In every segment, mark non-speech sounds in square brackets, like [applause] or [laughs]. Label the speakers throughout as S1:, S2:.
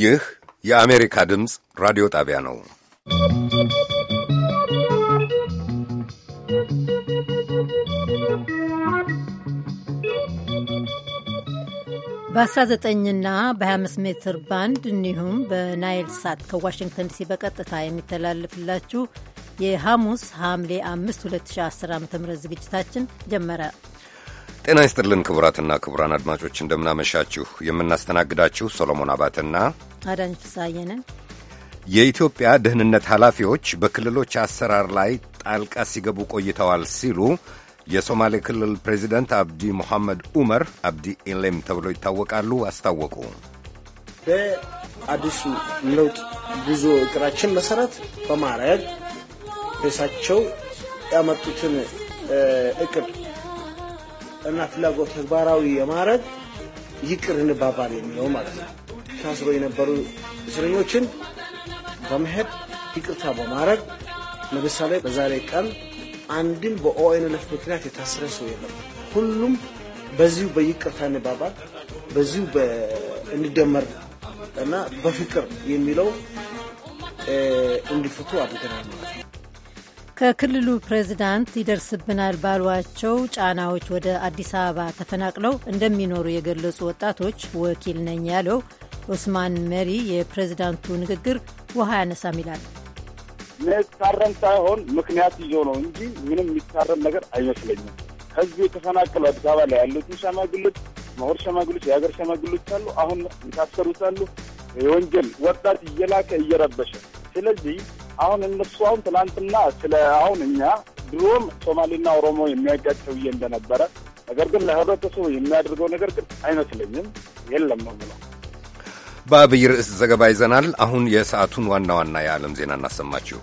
S1: ይህ የአሜሪካ ድምፅ ራዲዮ ጣቢያ ነው።
S2: በ19ና በ25 ሜትር ባንድ እንዲሁም በናይል ሳት ከዋሽንግተን ዲሲ በቀጥታ የሚተላለፍላችሁ የሐሙስ ሐምሌ 5 2010 ዓ ም ዝግጅታችን ጀመረ።
S1: ጤና ይስጥልን ክቡራትና ክቡራን አድማጮች እንደምናመሻችሁ። የምናስተናግዳችሁ ሶሎሞን አባትና
S2: አዳኝ ፍስሐዬ
S1: የኢትዮጵያ ደህንነት ኃላፊዎች በክልሎች አሰራር ላይ ጣልቃ ሲገቡ ቆይተዋል ሲሉ የሶማሌ ክልል ፕሬዚደንት አብዲ ሙሐመድ ኡመር አብዲ ኢሌም ተብለው ይታወቃሉ አስታወቁ።
S3: በአዲሱ ለውጥ ጉዞ እቅራችን መሰረት በማድረግ ሬሳቸው ያመጡትን እቅድ እና ፍላጎት ተግባራዊ የማድረግ ይቅር እንባባል የሚለው ማለት ነው። ታስሮ የነበሩ እስረኞችን በመሄድ ይቅርታ በማድረግ ለምሳሌ በዛሬ ቀን አንድም በኦኤንኤልኤፍ ምክንያት የታሰረ ሰው የለም። ሁሉም በዚሁ በይቅርታ እንባባል፣ በዚሁ እንደመር እና በፍቅር የሚለው እንዲፈቱ አድርገናል ማለት ነው።
S2: ከክልሉ ፕሬዚዳንት ይደርስብናል ባሏቸው ጫናዎች ወደ አዲስ አበባ ተፈናቅለው እንደሚኖሩ የገለጹ ወጣቶች ወኪል ነኝ ያለው ኦስማን መሪ የፕሬዚዳንቱ ንግግር ውሃ ያነሳም ይላል።
S4: መታረም ሳይሆን ምክንያት ይዞ ነው እንጂ ምንም የሚታረም ነገር አይመስለኝም። ከዚህ የተፈናቀሉ አዲስ አበባ ላይ ያሉትን ሸማግሎች፣ መሆር ሸማግሎች፣ የሀገር ሸማግሎች አሉ። አሁን የታሰሩት አሉ። የወንጀል ወጣት እየላከ እየረበሸ ስለዚህ አሁን እነሱ አሁን ትላንትና ስለ አሁን እኛ ድሮም ሶማሌና ኦሮሞ የሚያጋጭ ብዬ እንደነበረ ነገር ግን ለህብረተሰቡ የሚያደርገው ነገር ግን አይመስለኝም የለም ነው
S1: በአብይ ርዕስ ዘገባ ይዘናል። አሁን የሰዓቱን ዋና ዋና የዓለም ዜና እናሰማችሁ።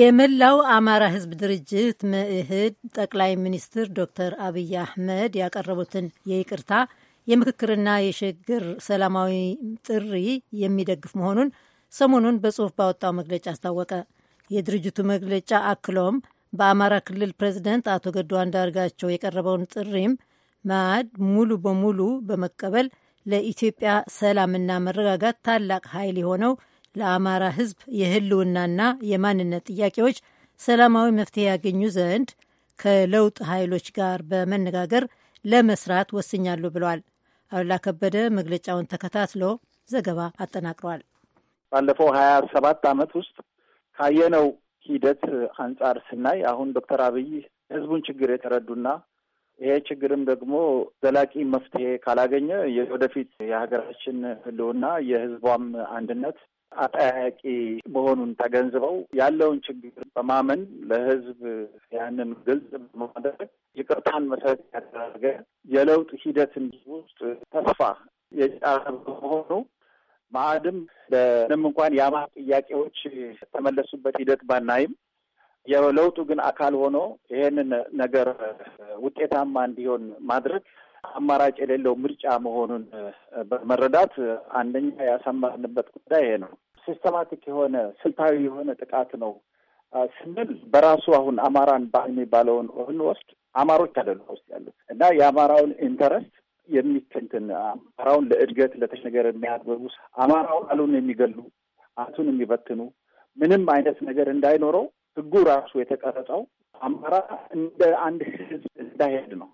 S2: የመላው አማራ ህዝብ ድርጅት መኢህድ ጠቅላይ ሚኒስትር ዶክተር አብይ አህመድ ያቀረቡትን የይቅርታ የምክክርና የሽግግር ሰላማዊ ጥሪ የሚደግፍ መሆኑን ሰሞኑን በጽሁፍ ባወጣው መግለጫ አስታወቀ። የድርጅቱ መግለጫ አክሎም በአማራ ክልል ፕሬዚደንት አቶ ገዱ አንዳርጋቸው የቀረበውን ጥሪም ማዕድ ሙሉ በሙሉ በመቀበል ለኢትዮጵያ ሰላምና መረጋጋት ታላቅ ኃይል የሆነው ለአማራ ሕዝብ የህልውናና የማንነት ጥያቄዎች ሰላማዊ መፍትሄ ያገኙ ዘንድ ከለውጥ ኃይሎች ጋር በመነጋገር ለመስራት ወስኛሉ ብለዋል። አሉላ ከበደ መግለጫውን ተከታትሎ ዘገባ አጠናቅሯል።
S5: ባለፈው ሀያ ሰባት ዓመት ውስጥ ካየነው ሂደት አንጻር ስናይ አሁን ዶክተር አብይ ህዝቡን ችግር የተረዱና ይሄ ችግርም ደግሞ ዘላቂ መፍትሄ ካላገኘ የወደፊት የሀገራችን ህልውና የህዝቧም አንድነት አጠያቂ መሆኑን ተገንዝበው ያለውን ችግር በማመን ለህዝብ ያንን ግልጽ በማድረግ ይቅርታን መሰረት ያደረገ የለውጥ ሂደትን ውስጥ ተስፋ የጫረ በመሆኑ ማዕድም ለምንም እንኳን የአማር ጥያቄዎች የተመለሱበት ሂደት ባናይም የለውጡ ግን አካል ሆኖ ይሄንን ነገር ውጤታማ እንዲሆን ማድረግ አማራጭ የሌለው ምርጫ መሆኑን በመረዳት አንደኛ ያሰማንበት ጉዳይ ይሄ ነው። ሲስተማቲክ የሆነ ስልታዊ የሆነ ጥቃት ነው ስንል በራሱ አሁን አማራን በአል የሚባለውን ብንወስድ አማሮች አይደሉም ውስጥ ያሉት እና የአማራውን ኢንተረስት የሚትንትን አማራውን ለእድገት ለተሻለ ነገር የሚያጥበቡ አማራውን አሉን የሚገሉ አቱን የሚበትኑ ምንም አይነት ነገር እንዳይኖረው ህጉ ራሱ የተቀረጸው አማራ እንደ አንድ ህዝብ እንዳይሄድ ነው።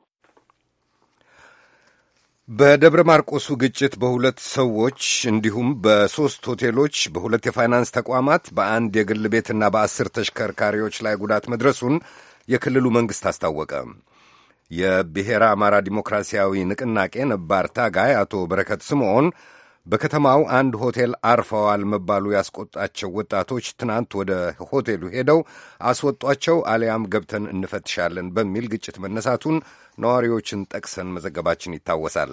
S1: በደብረ ማርቆሱ ግጭት በሁለት ሰዎች እንዲሁም በሦስት ሆቴሎች፣ በሁለት የፋይናንስ ተቋማት፣ በአንድ የግል ቤትና በአስር ተሽከርካሪዎች ላይ ጉዳት መድረሱን የክልሉ መንግሥት አስታወቀ። የብሔረ አማራ ዲሞክራሲያዊ ንቅናቄ ነባር ታጋይ አቶ በረከት ስምዖን በከተማው አንድ ሆቴል አርፈዋል መባሉ ያስቆጣቸው ወጣቶች ትናንት ወደ ሆቴሉ ሄደው አስወጧቸው አሊያም ገብተን እንፈትሻለን በሚል ግጭት መነሳቱን ነዋሪዎችን ጠቅሰን መዘገባችን ይታወሳል።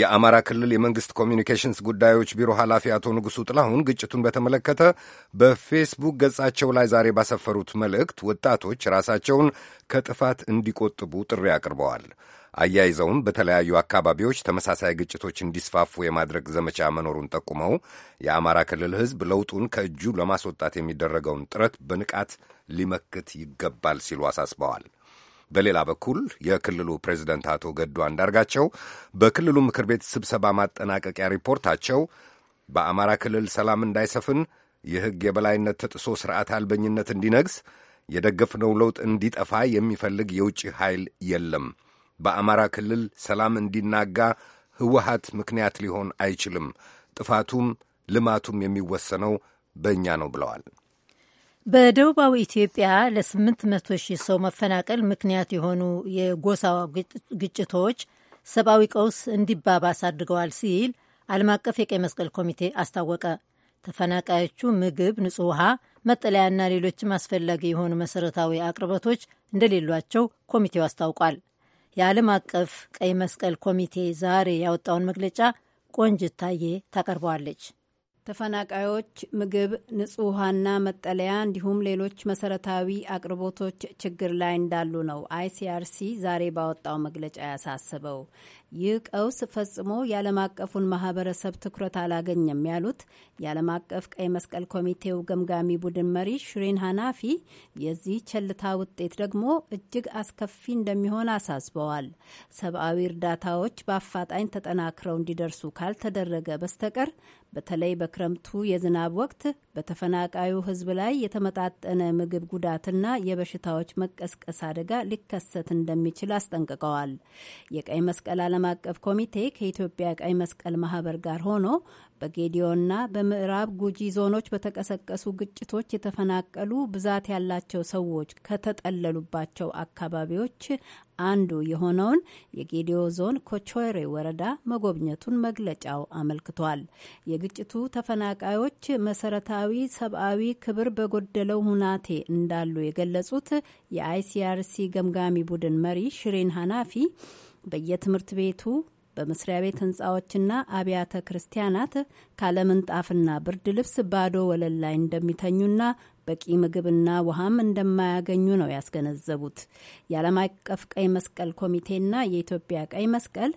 S1: የአማራ ክልል የመንግሥት ኮሚኒኬሽንስ ጉዳዮች ቢሮ ኃላፊ አቶ ንጉሡ ጥላሁን ግጭቱን በተመለከተ በፌስቡክ ገጻቸው ላይ ዛሬ ባሰፈሩት መልእክት ወጣቶች ራሳቸውን ከጥፋት እንዲቆጥቡ ጥሪ አቅርበዋል። አያይዘውም በተለያዩ አካባቢዎች ተመሳሳይ ግጭቶች እንዲስፋፉ የማድረግ ዘመቻ መኖሩን ጠቁመው የአማራ ክልል ሕዝብ ለውጡን ከእጁ ለማስወጣት የሚደረገውን ጥረት በንቃት ሊመክት ይገባል ሲሉ አሳስበዋል። በሌላ በኩል የክልሉ ፕሬዚደንት አቶ ገዱ አንዳርጋቸው በክልሉ ምክር ቤት ስብሰባ ማጠናቀቂያ ሪፖርታቸው በአማራ ክልል ሰላም እንዳይሰፍን፣ የሕግ የበላይነት ተጥሶ ስርዓት አልበኝነት እንዲነግስ፣ የደገፍነው ለውጥ እንዲጠፋ የሚፈልግ የውጭ ኃይል የለም በአማራ ክልል ሰላም እንዲናጋ ህወሀት ምክንያት ሊሆን አይችልም። ጥፋቱም ልማቱም የሚወሰነው በእኛ ነው ብለዋል።
S2: በደቡባዊ ኢትዮጵያ ለ800 ሺህ ሰው መፈናቀል ምክንያት የሆኑ የጎሳ ግጭቶች ሰብአዊ ቀውስ እንዲባባስ አድርገዋል ሲል ዓለም አቀፍ የቀይ መስቀል ኮሚቴ አስታወቀ። ተፈናቃዮቹ ምግብ፣ ንጹህ ውሃ፣ መጠለያና ሌሎችም አስፈላጊ የሆኑ መሰረታዊ አቅርቦቶች እንደሌሏቸው ኮሚቴው አስታውቋል። የዓለም አቀፍ ቀይ መስቀል ኮሚቴ ዛሬ ያወጣውን መግለጫ ቆንጅታዬ ታዬ ታቀርበዋለች።
S6: ተፈናቃዮች ምግብ፣ ንጹህ ውሃና መጠለያ እንዲሁም ሌሎች መሰረታዊ አቅርቦቶች ችግር ላይ እንዳሉ ነው አይሲአርሲ ዛሬ ባወጣው መግለጫ ያሳስበው። ይህ ቀውስ ፈጽሞ የዓለም አቀፉን ማህበረሰብ ትኩረት አላገኘም ያሉት የዓለም አቀፍ ቀይ መስቀል ኮሚቴው ገምጋሚ ቡድን መሪ ሽሪን ሃናፊ የዚህ ቸልታ ውጤት ደግሞ እጅግ አስከፊ እንደሚሆን አሳስበዋል። ሰብአዊ እርዳታዎች በአፋጣኝ ተጠናክረው እንዲደርሱ ካልተደረገ በስተቀር በተለይ በክረምቱ የዝናብ ወቅት በተፈናቃዩ ሕዝብ ላይ የተመጣጠነ ምግብ ጉዳትና የበሽታዎች መቀስቀስ አደጋ ሊከሰት እንደሚችል አስጠንቅቀዋል። የቀይ መስቀል ዓለም አቀፍ ኮሚቴ ከኢትዮጵያ ቀይ መስቀል ማህበር ጋር ሆኖ በጌዲዮና በምዕራብ ጉጂ ዞኖች በተቀሰቀሱ ግጭቶች የተፈናቀሉ ብዛት ያላቸው ሰዎች ከተጠለሉባቸው አካባቢዎች አንዱ የሆነውን የጌዲዮ ዞን ኮቾሬ ወረዳ መጎብኘቱን መግለጫው አመልክቷል። የግጭቱ ተፈናቃዮች መሰረታዊ ሰብአዊ ክብር በጎደለው ሁናቴ እንዳሉ የገለጹት የአይሲአርሲ ገምጋሚ ቡድን መሪ ሽሪን ሃናፊ በየትምህርት ቤቱ በመስሪያ ቤት ህንፃዎችና አብያተ ክርስቲያናት ካለምንጣፍና ብርድ ልብስ ባዶ ወለል ላይ እንደሚተኙና በቂ ምግብና ውሃም እንደማያገኙ ነው ያስገነዘቡት። የዓለም አቀፍ ቀይ መስቀል ኮሚቴና የኢትዮጵያ ቀይ መስቀል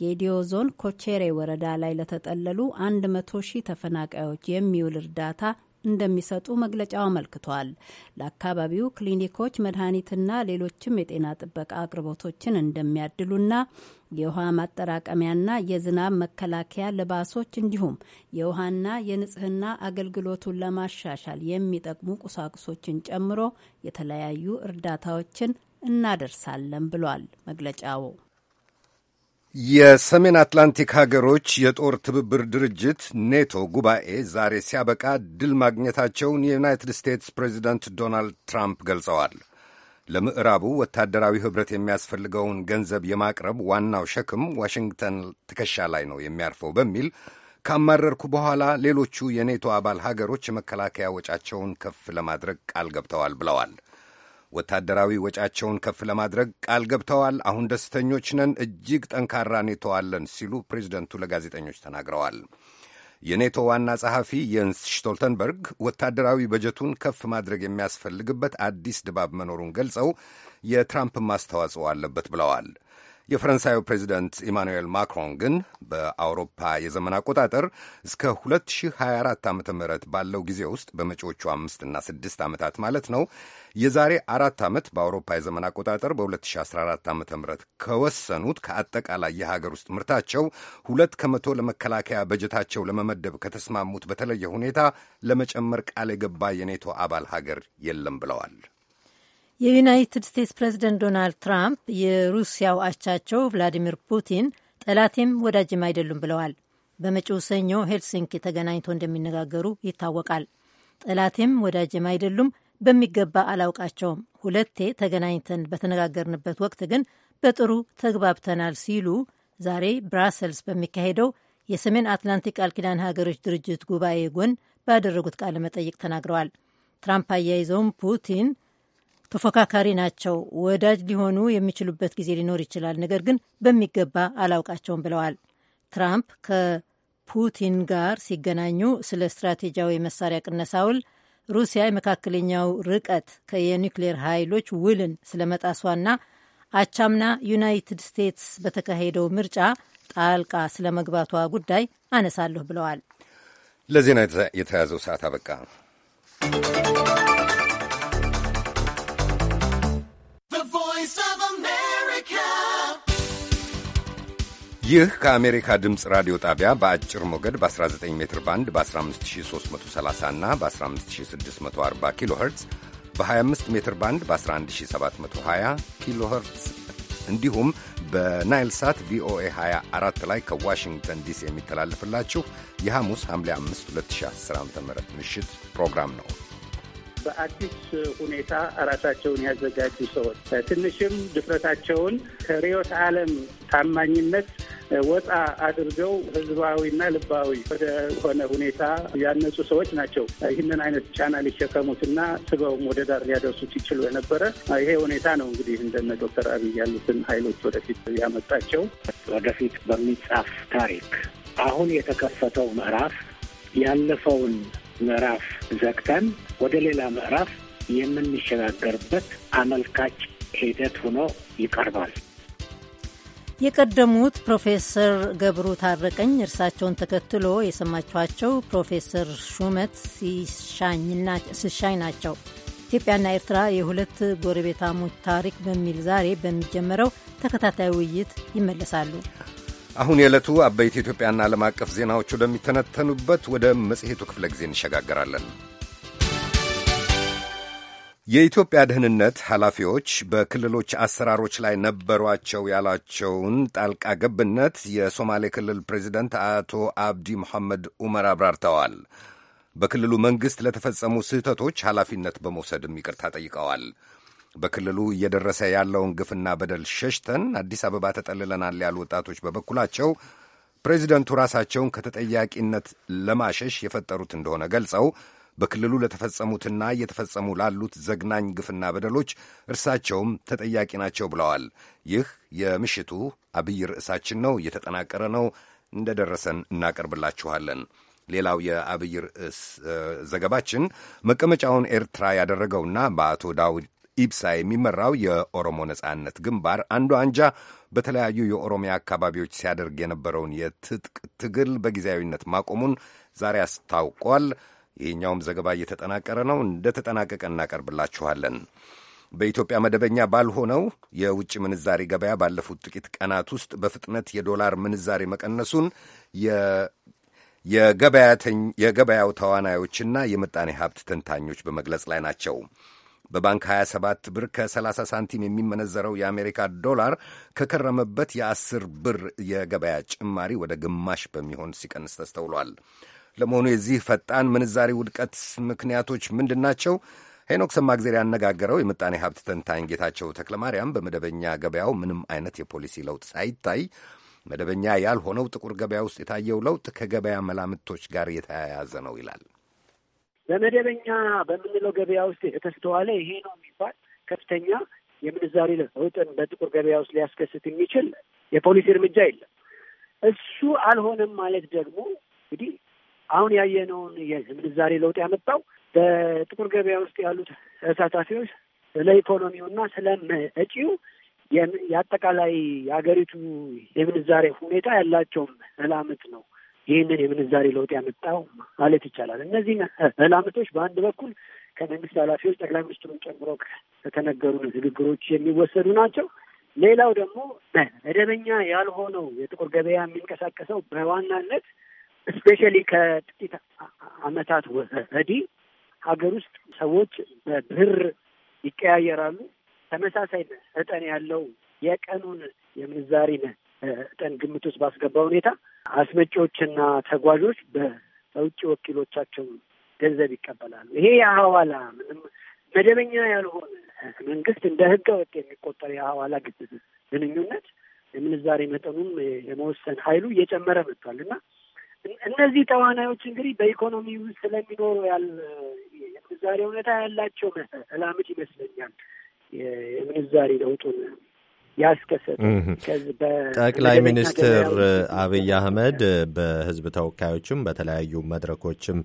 S6: ጌዲዮ ዞን ኮቼሬ ወረዳ ላይ ለተጠለሉ 1 መቶ ሺህ ተፈናቃዮች የሚውል እርዳታ እንደሚሰጡ መግለጫው አመልክቷል። ለአካባቢው ክሊኒኮች መድኃኒትና ሌሎችም የጤና ጥበቃ አቅርቦቶችን እንደሚያድሉና የውሃ ማጠራቀሚያና የዝናብ መከላከያ ልባሶች እንዲሁም የውሃና የንጽህና አገልግሎቱን ለማሻሻል የሚጠቅሙ ቁሳቁሶችን ጨምሮ የተለያዩ እርዳታዎችን እናደርሳለን ብሏል መግለጫው።
S1: የሰሜን አትላንቲክ ሀገሮች የጦር ትብብር ድርጅት ኔቶ ጉባኤ ዛሬ ሲያበቃ ድል ማግኘታቸውን የዩናይትድ ስቴትስ ፕሬዚደንት ዶናልድ ትራምፕ ገልጸዋል። ለምዕራቡ ወታደራዊ ኅብረት የሚያስፈልገውን ገንዘብ የማቅረብ ዋናው ሸክም ዋሽንግተን ትከሻ ላይ ነው የሚያርፈው በሚል ካማረርኩ በኋላ ሌሎቹ የኔቶ አባል ሀገሮች የመከላከያ ወጫቸውን ከፍ ለማድረግ ቃል ገብተዋል ብለዋል። ወታደራዊ ወጫቸውን ከፍ ለማድረግ ቃል ገብተዋል። አሁን ደስተኞች ነን፣ እጅግ ጠንካራ ኔቶ አለን ሲሉ ፕሬዚደንቱ ለጋዜጠኞች ተናግረዋል። የኔቶ ዋና ጸሐፊ የንስ ሽቶልተንበርግ ወታደራዊ በጀቱን ከፍ ማድረግ የሚያስፈልግበት አዲስ ድባብ መኖሩን ገልጸው የትራምፕም አስተዋጽኦ አለበት ብለዋል። የፈረንሳዩ ፕሬዚደንት ኢማኑኤል ማክሮን ግን በአውሮፓ የዘመን አቆጣጠር እስከ 2024 ዓ ም ባለው ጊዜ ውስጥ በመጪዎቹ አምስትና ስድስት ዓመታት ማለት ነው የዛሬ አራት ዓመት በአውሮፓ የዘመን አቆጣጠር በ2014 ዓ ም ከወሰኑት ከአጠቃላይ የሀገር ውስጥ ምርታቸው ሁለት ከመቶ ለመከላከያ በጀታቸው ለመመደብ ከተስማሙት በተለየ ሁኔታ ለመጨመር ቃል የገባ የኔቶ አባል ሀገር የለም ብለዋል።
S2: የዩናይትድ ስቴትስ ፕሬዚደንት ዶናልድ ትራምፕ የሩሲያው አቻቸው ቭላዲሚር ፑቲን ጠላቴም ወዳጅም አይደሉም ብለዋል። በመጪው ሰኞ ሄልሲንኪ ተገናኝተው እንደሚነጋገሩ ይታወቃል። ጠላቴም ወዳጅም አይደሉም፣ በሚገባ አላውቃቸውም። ሁለቴ ተገናኝተን በተነጋገርንበት ወቅት ግን በጥሩ ተግባብተናል ሲሉ ዛሬ ብራሰልስ በሚካሄደው የሰሜን አትላንቲክ ቃል ኪዳን ሀገሮች ድርጅት ጉባኤ ጎን ባደረጉት ቃለ መጠይቅ ተናግረዋል። ትራምፕ አያይዘውም ፑቲን ተፎካካሪ ናቸው። ወዳጅ ሊሆኑ የሚችሉበት ጊዜ ሊኖር ይችላል፣ ነገር ግን በሚገባ አላውቃቸውም ብለዋል። ትራምፕ ከፑቲን ጋር ሲገናኙ ስለ ስትራቴጂያዊ መሳሪያ ቅነሳ ውል፣ ሩሲያ የመካከለኛው ርቀት የኒውክሌር ኃይሎች ውልን ስለ መጣሷና አቻምና ዩናይትድ ስቴትስ በተካሄደው ምርጫ ጣልቃ ስለ መግባቷ ጉዳይ አነሳለሁ ብለዋል።
S1: ለዜና የተያዘው ሰዓት አበቃ። ይህ ከአሜሪካ ድምፅ ራዲዮ ጣቢያ በአጭር ሞገድ በ19 ሜትር ባንድ በ15330 እና በ15640 ኪሎ ኸርትዝ በ25 ሜትር ባንድ በ11720 ኪሎ ኸርትዝ እንዲሁም በናይል ሳት ቪኦኤ 24 ላይ ከዋሽንግተን ዲሲ የሚተላለፍላችሁ የሐሙስ ሐምሌ 5 2010 ዓ ም ምሽት ፕሮግራም ነው።
S7: በአዲስ ሁኔታ ራሳቸውን ያዘጋጁ ሰዎች ትንሽም ድፍረታቸውን ከርዕዮተ ዓለም ታማኝነት ወጣ አድርገው ህዝባዊና ልባዊ ወደሆነ ሁኔታ ያነጹ ሰዎች ናቸው። ይህንን አይነት ጫና ሊሸከሙትና ስበውም ወደ ዳር ሊያደርሱት ይችሉ የነበረ ይሄ ሁኔታ ነው እንግዲህ እንደነ ዶክተር አብይ ያሉትን ኃይሎች ወደፊት ያመጣቸው። ወደፊት በሚጻፍ ታሪክ አሁን የተከፈተው ምዕራፍ ያለፈውን ምዕራፍ ዘግተን
S8: ወደ ሌላ ምዕራፍ የምንሸጋገርበት አመልካች ሂደት ሆኖ
S9: ይቀርባል።
S2: የቀደሙት ፕሮፌሰር ገብሩ ታረቀኝ እርሳቸውን ተከትሎ የሰማችኋቸው ፕሮፌሰር ሹመት ሲሻኝ ናቸው። ኢትዮጵያና ኤርትራ የሁለት ጎረቤታሞች ታሪክ በሚል ዛሬ በሚጀመረው ተከታታይ ውይይት ይመለሳሉ።
S1: አሁን የዕለቱ አበይት ኢትዮጵያና ዓለም አቀፍ ዜናዎች ወደሚተነተኑበት ወደ መጽሔቱ ክፍለ ጊዜ እንሸጋገራለን። የኢትዮጵያ ደህንነት ኃላፊዎች በክልሎች አሰራሮች ላይ ነበሯቸው ያላቸውን ጣልቃ ገብነት የሶማሌ ክልል ፕሬዚደንት አቶ አብዲ መሐመድ ዑመር አብራርተዋል። በክልሉ መንግሥት ለተፈጸሙ ስህተቶች ኃላፊነት በመውሰድም ይቅርታ ጠይቀዋል። በክልሉ እየደረሰ ያለውን ግፍና በደል ሸሽተን አዲስ አበባ ተጠልለናል ያሉ ወጣቶች በበኩላቸው ፕሬዚደንቱ ራሳቸውን ከተጠያቂነት ለማሸሽ የፈጠሩት እንደሆነ ገልጸው በክልሉ ለተፈጸሙትና እየተፈጸሙ ላሉት ዘግናኝ ግፍና በደሎች እርሳቸውም ተጠያቂ ናቸው ብለዋል። ይህ የምሽቱ አብይ ርዕሳችን ነው። እየተጠናቀረ ነው፣ እንደደረሰን እናቀርብላችኋለን። ሌላው የአብይ ርዕስ ዘገባችን መቀመጫውን ኤርትራ ያደረገውና በአቶ ዳውድ ኢብሳ የሚመራው የኦሮሞ ነጻነት ግንባር አንዱ አንጃ በተለያዩ የኦሮሚያ አካባቢዎች ሲያደርግ የነበረውን የትጥቅ ትግል በጊዜያዊነት ማቆሙን ዛሬ አስታውቋል። ይህኛውም ዘገባ እየተጠናቀረ ነው። እንደተጠናቀቀ እናቀርብላችኋለን። በኢትዮጵያ መደበኛ ባልሆነው የውጭ ምንዛሪ ገበያ ባለፉት ጥቂት ቀናት ውስጥ በፍጥነት የዶላር ምንዛሬ መቀነሱን የገበያው ተዋናዮችና የምጣኔ ሀብት ተንታኞች በመግለጽ ላይ ናቸው። በባንክ 27 ብር ከ30 ሳንቲም የሚመነዘረው የአሜሪካ ዶላር ከከረመበት የ10 ብር የገበያ ጭማሪ ወደ ግማሽ በሚሆን ሲቀንስ ተስተውሏል። ለመሆኑ የዚህ ፈጣን ምንዛሬ ውድቀት ምክንያቶች ምንድን ናቸው? ሄኖክ ሰማግዜር ያነጋገረው የምጣኔ ሀብት ተንታኝ ጌታቸው ተክለማርያም በመደበኛ ገበያው ምንም አይነት የፖሊሲ ለውጥ ሳይታይ መደበኛ ያልሆነው ጥቁር ገበያ ውስጥ የታየው ለውጥ ከገበያ መላምቶች ጋር የተያያዘ ነው ይላል።
S8: በመደበኛ በምንለው ገበያ ውስጥ የተስተዋለ ይሄ ነው የሚባል ከፍተኛ የምንዛሬ ለውጥን በጥቁር ገበያ ውስጥ ሊያስከስት የሚችል የፖሊሲ እርምጃ የለም። እሱ አልሆነም ማለት ደግሞ እንግዲህ አሁን ያየነውን የምንዛሬ ለውጥ ያመጣው በጥቁር ገበያ ውስጥ ያሉት ተሳታፊዎች ስለ ኢኮኖሚውና ስለ መጪው የአጠቃላይ የሀገሪቱ የምንዛሬ ሁኔታ ያላቸውም መላምት ነው። ይህንን የምንዛሬ ለውጥ ያመጣው ማለት ይቻላል። እነዚህ መላምቶች በአንድ በኩል ከመንግስት ኃላፊዎች ጠቅላይ ሚኒስትሩን ጨምሮ ከተነገሩ ንግግሮች የሚወሰዱ ናቸው። ሌላው ደግሞ መደበኛ ያልሆነው የጥቁር ገበያ የሚንቀሳቀሰው በዋናነት እስፔሻሊ ከጥቂት አመታት ወዲህ ሀገር ውስጥ ሰዎች በብር ይቀያየራሉ። ተመሳሳይ እጠን ያለው የቀኑን የምንዛሪን እጠን ግምት ውስጥ ባስገባ ሁኔታ አስመጪዎችና ተጓዦች በውጭ ወኪሎቻቸው ገንዘብ ይቀበላሉ። ይሄ የሐዋላ ምንም መደበኛ ያልሆነ መንግስት እንደ ህገ ወጥ የሚቆጠር የሐዋላ ግንኙነት የምንዛሬ መጠኑም የመወሰን ኃይሉ እየጨመረ መጥቷል እና እነዚህ ተዋናዮች እንግዲህ በኢኮኖሚ ውስጥ ስለሚኖሩ ያል የምንዛሬ ሁኔታ ያላቸው መሰላምት ይመስለኛል የምንዛሬ ለውጡን ያስከሰጠ። ጠቅላይ ሚኒስትር
S10: አብይ አህመድ በህዝብ ተወካዮችም በተለያዩ መድረኮችም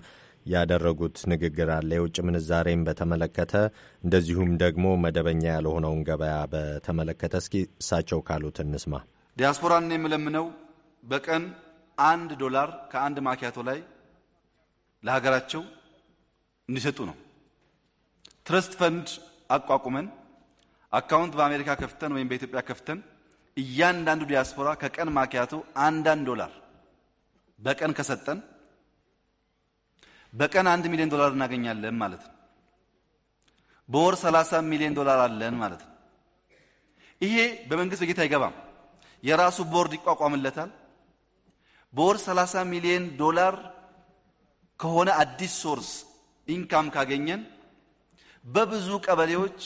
S10: ያደረጉት ንግግር አለ። የውጭ ምንዛሬም በተመለከተ እንደዚሁም ደግሞ መደበኛ ያልሆነውን ገበያ በተመለከተ እስኪ እሳቸው ካሉት እንስማ።
S11: ዲያስፖራን የምለምነው በቀን አንድ ዶላር ከአንድ ማኪያቶ ላይ ለሀገራቸው እንዲሰጡ ነው። ትረስት ፈንድ አቋቁመን አካውንት በአሜሪካ ከፍተን ወይም በኢትዮጵያ ከፍተን እያንዳንዱ ዲያስፖራ ከቀን ማኪያቶ አንዳንድ ዶላር በቀን ከሰጠን በቀን አንድ ሚሊዮን ዶላር እናገኛለን ማለት ነው። በወር 30 ሚሊዮን ዶላር አለን ማለት ነው። ይሄ በመንግስት በጌታ አይገባም። የራሱ ቦርድ ይቋቋምለታል። በወር 30 ሚሊዮን ዶላር ከሆነ አዲስ ሶርስ ኢንካም ካገኘን በብዙ ቀበሌዎች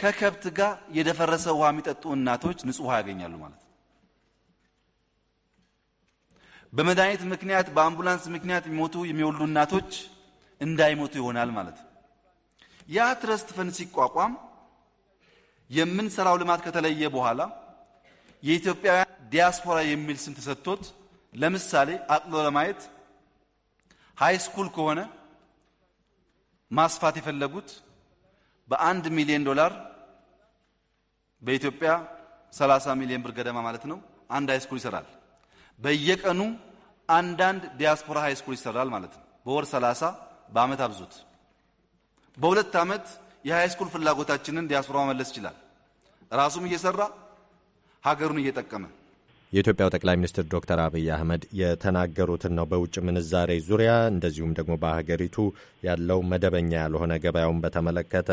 S11: ከከብት ጋር የደፈረሰ ውሃ የሚጠጡ እናቶች ንጹህ ውሃ ያገኛሉ ማለት ነው። በመድኃኒት ምክንያት በአምቡላንስ ምክንያት የሚሞቱ የሚወልዱ እናቶች እንዳይሞቱ ይሆናል ማለት ነው። ያ ትረስት ፈንድ ሲቋቋም የምንሰራው ልማት ከተለየ በኋላ የኢትዮጵያውያን ዲያስፖራ የሚል ስም ተሰጥቶት ለምሳሌ አቅሎ ለማየት ሃይ ስኩል ከሆነ ማስፋት የፈለጉት በአንድ ሚሊዮን ዶላር በኢትዮጵያ 30 ሚሊዮን ብር ገደማ ማለት ነው። አንድ ሃይ ስኩል ይሰራል። በየቀኑ አንዳንድ ዲያስፖራ ሃይ ስኩል ይሰራል ማለት ነው። በወር 30 በአመት አብዙት። በሁለት አመት የሃይ ስኩል ፍላጎታችንን ዲያስፖራ መመለስ ይችላል። ራሱም እየሰራ ሀገሩን እየጠቀመ
S10: የኢትዮጵያው ጠቅላይ ሚኒስትር ዶክተር አብይ አህመድ የተናገሩትን ነው። በውጭ ምንዛሬ ዙሪያ እንደዚሁም ደግሞ በሀገሪቱ ያለው መደበኛ ያልሆነ ገበያውን በተመለከተ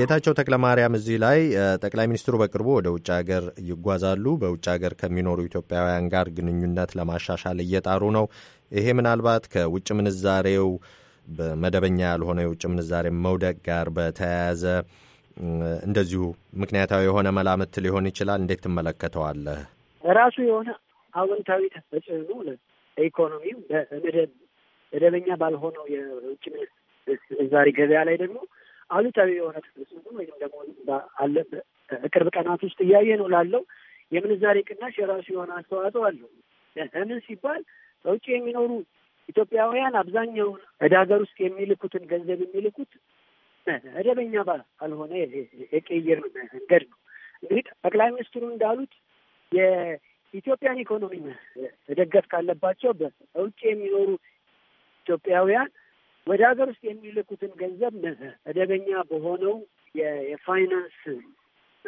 S10: ጌታቸው ተክለማርያም እዚህ ላይ ጠቅላይ ሚኒስትሩ በቅርቡ ወደ ውጭ ሀገር ይጓዛሉ። በውጭ ሀገር ከሚኖሩ ኢትዮጵያውያን ጋር ግንኙነት ለማሻሻል እየጣሩ ነው። ይሄ ምናልባት ከውጭ ምንዛሬው በመደበኛ ያልሆነ የውጭ ምንዛሬ መውደቅ ጋር በተያያዘ እንደዚሁ ምክንያታዊ የሆነ መላምት ሊሆን ይችላል። እንዴት ትመለከተዋለህ?
S8: ራሱ የሆነ አዎንታዊ ተጽዕኖ ለኢኮኖሚው መደበኛ ባልሆነው የውጭ ምንዛሪ ገበያ ላይ ደግሞ አሉታዊ የሆነ ተጽዕኖ ወይም ደግሞ ቅርብ ቀናት ውስጥ እያየ ነው ላለው የምንዛሬ ቅናሽ የራሱ የሆነ አስተዋጽኦ አለው። ለምን ሲባል በውጭ የሚኖሩ ኢትዮጵያውያን አብዛኛውን ወደ ሀገር ውስጥ የሚልኩትን ገንዘብ የሚልኩት መደበኛ ባልሆነ የቅይር መንገድ ነው። እንግዲህ ጠቅላይ ሚኒስትሩ እንዳሉት የኢትዮጵያን ኢኮኖሚ መደገፍ ካለባቸው በውጭ የሚኖሩ ኢትዮጵያውያን ወደ ሀገር ውስጥ የሚልኩትን ገንዘብ መደበኛ በሆነው የፋይናንስ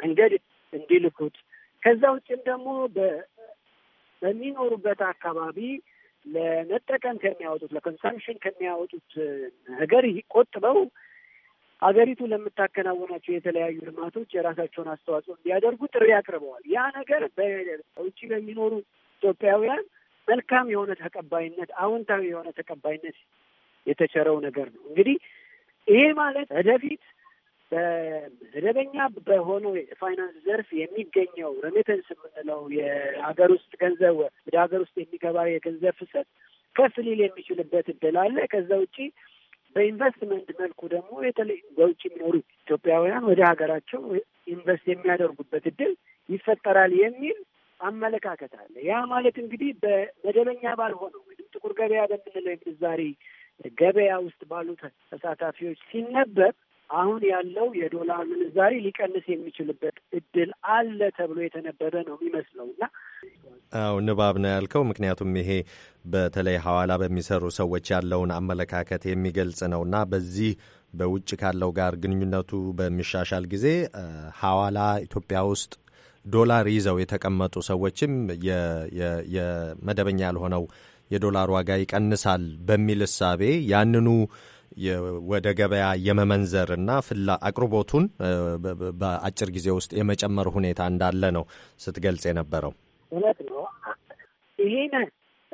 S8: መንገድ እንዲልኩት ከዛ ውጭም ደግሞ በሚኖሩበት አካባቢ ለመጠቀም ከሚያወጡት ለኮንሳምሽን ከሚያወጡት ነገር ቆጥበው ሀገሪቱ ለምታከናውናቸው የተለያዩ ልማቶች የራሳቸውን አስተዋጽኦ እንዲያደርጉ ጥሪ አቅርበዋል። ያ ነገር በውጭ በሚኖሩ ኢትዮጵያውያን መልካም የሆነ ተቀባይነት፣ አዎንታዊ የሆነ ተቀባይነት የተቸረው ነገር ነው። እንግዲህ ይሄ ማለት ወደፊት በመደበኛ በሆነው የፋይናንስ ዘርፍ የሚገኘው ረሜተንስ የምንለው የሀገር ውስጥ ገንዘብ ወደ ሀገር ውስጥ የሚገባ የገንዘብ ፍሰት ከፍ ሊል የሚችልበት እድል አለ። ከዛ ውጪ በኢንቨስትመንት መልኩ ደግሞ የተለይ በውጭ የሚኖሩ ኢትዮጵያውያን ወደ ሀገራቸው ኢንቨስት የሚያደርጉበት እድል ይፈጠራል የሚል አመለካከት አለ። ያ ማለት እንግዲህ በመደበኛ ባልሆነው ወይም ጥቁር ገበያ በምንለው የምንዛሬ ገበያ ውስጥ ባሉ ተሳታፊዎች ሲነበብ አሁን ያለው የዶላር ምንዛሪ ሊቀንስ የሚችልበት እድል አለ ተብሎ የተነበበ ነው የሚመስለው እና
S10: አው ንባብ ነው ያልከው። ምክንያቱም ይሄ በተለይ ሐዋላ በሚሰሩ ሰዎች ያለውን አመለካከት የሚገልጽ ነው እና በዚህ በውጭ ካለው ጋር ግንኙነቱ በሚሻሻል ጊዜ ሐዋላ ኢትዮጵያ ውስጥ ዶላር ይዘው የተቀመጡ ሰዎችም የመደበኛ ያልሆነው የዶላር ዋጋ ይቀንሳል በሚል እሳቤ ያንኑ ወደ ገበያ የመመንዘርና ፍላ አቅርቦቱን በአጭር ጊዜ ውስጥ የመጨመር ሁኔታ እንዳለ ነው ስትገልጽ የነበረው።
S8: እውነት ነው። ይሄን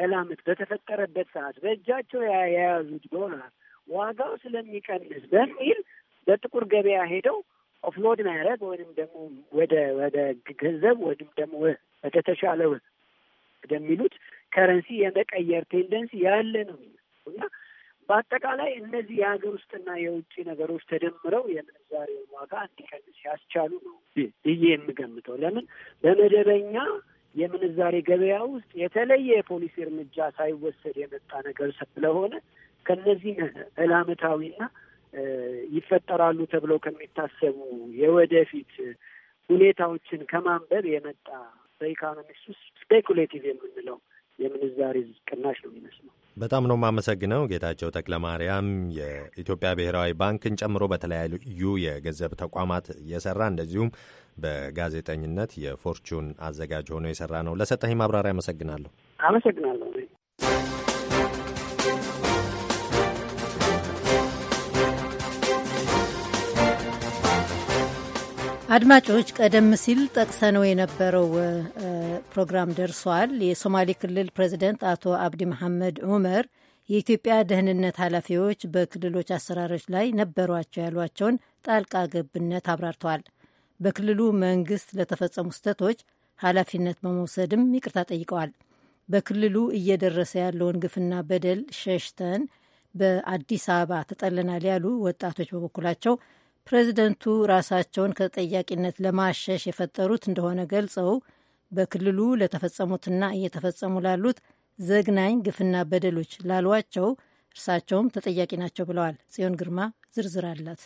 S8: ዕላምት በተፈጠረበት ሰዓት በእጃቸው የያዙት ዶላር ዋጋው ስለሚቀንስ በሚል በጥቁር ገበያ ሄደው ኦፍሎድ ማድረግ ወይም ደግሞ ወደ ወደ ገንዘብ ወይም ደግሞ ወደ ተሻለ ወደሚሉት ከረንሲ የመቀየር ቴንደንሲ ያለ ነው እና በአጠቃላይ እነዚህ የሀገር ውስጥና የውጭ ነገሮች ተደምረው የምንዛሬውን ዋጋ እንዲቀንስ ያስቻሉ ነው ብዬ የምገምተው። ለምን በመደበኛ የምንዛሬ ገበያ ውስጥ የተለየ የፖሊሲ እርምጃ ሳይወሰድ የመጣ ነገር ስለሆነ ከነዚህ ዕላመታዊና ይፈጠራሉ ተብለው ከሚታሰቡ የወደፊት ሁኔታዎችን ከማንበብ የመጣ በኢኮኖሚክስ ውስጥ ስፔኩሌቲቭ የምንለው የምንዛሪ ቅናሽ
S10: ነው የሚመስለው። በጣም ነው የማመሰግነው ጌታቸው ተክለ ማርያም የኢትዮጵያ ብሔራዊ ባንክን ጨምሮ በተለያዩ የገንዘብ ተቋማት የሰራ እንደዚሁም በጋዜጠኝነት የፎርቹን አዘጋጅ ሆኖ የሰራ ነው። ለሰጠኝ ማብራሪያ አመሰግናለሁ።
S8: አመሰግናለሁ።
S2: አድማጮች ቀደም ሲል ጠቅሰነው የነበረው ፕሮግራም ደርሷል። የሶማሌ ክልል ፕሬዚደንት አቶ አብዲ መሐመድ ዑመር የኢትዮጵያ ደህንነት ኃላፊዎች በክልሎች አሰራሮች ላይ ነበሯቸው ያሏቸውን ጣልቃ ገብነት አብራርተዋል። በክልሉ መንግስት ለተፈጸሙ ስህተቶች ኃላፊነት በመውሰድም ይቅርታ ጠይቀዋል። በክልሉ እየደረሰ ያለውን ግፍና በደል ሸሽተን በአዲስ አበባ ተጠለናል ያሉ ወጣቶች በበኩላቸው ፕሬዚደንቱ ራሳቸውን ከጠያቂነት ለማሸሽ የፈጠሩት እንደሆነ ገልጸው በክልሉ ለተፈጸሙትና እየተፈጸሙ ላሉት ዘግናኝ ግፍና በደሎች ላሏቸው እርሳቸውም ተጠያቂ ናቸው ብለዋል። ጽዮን ግርማ ዝርዝር አላት።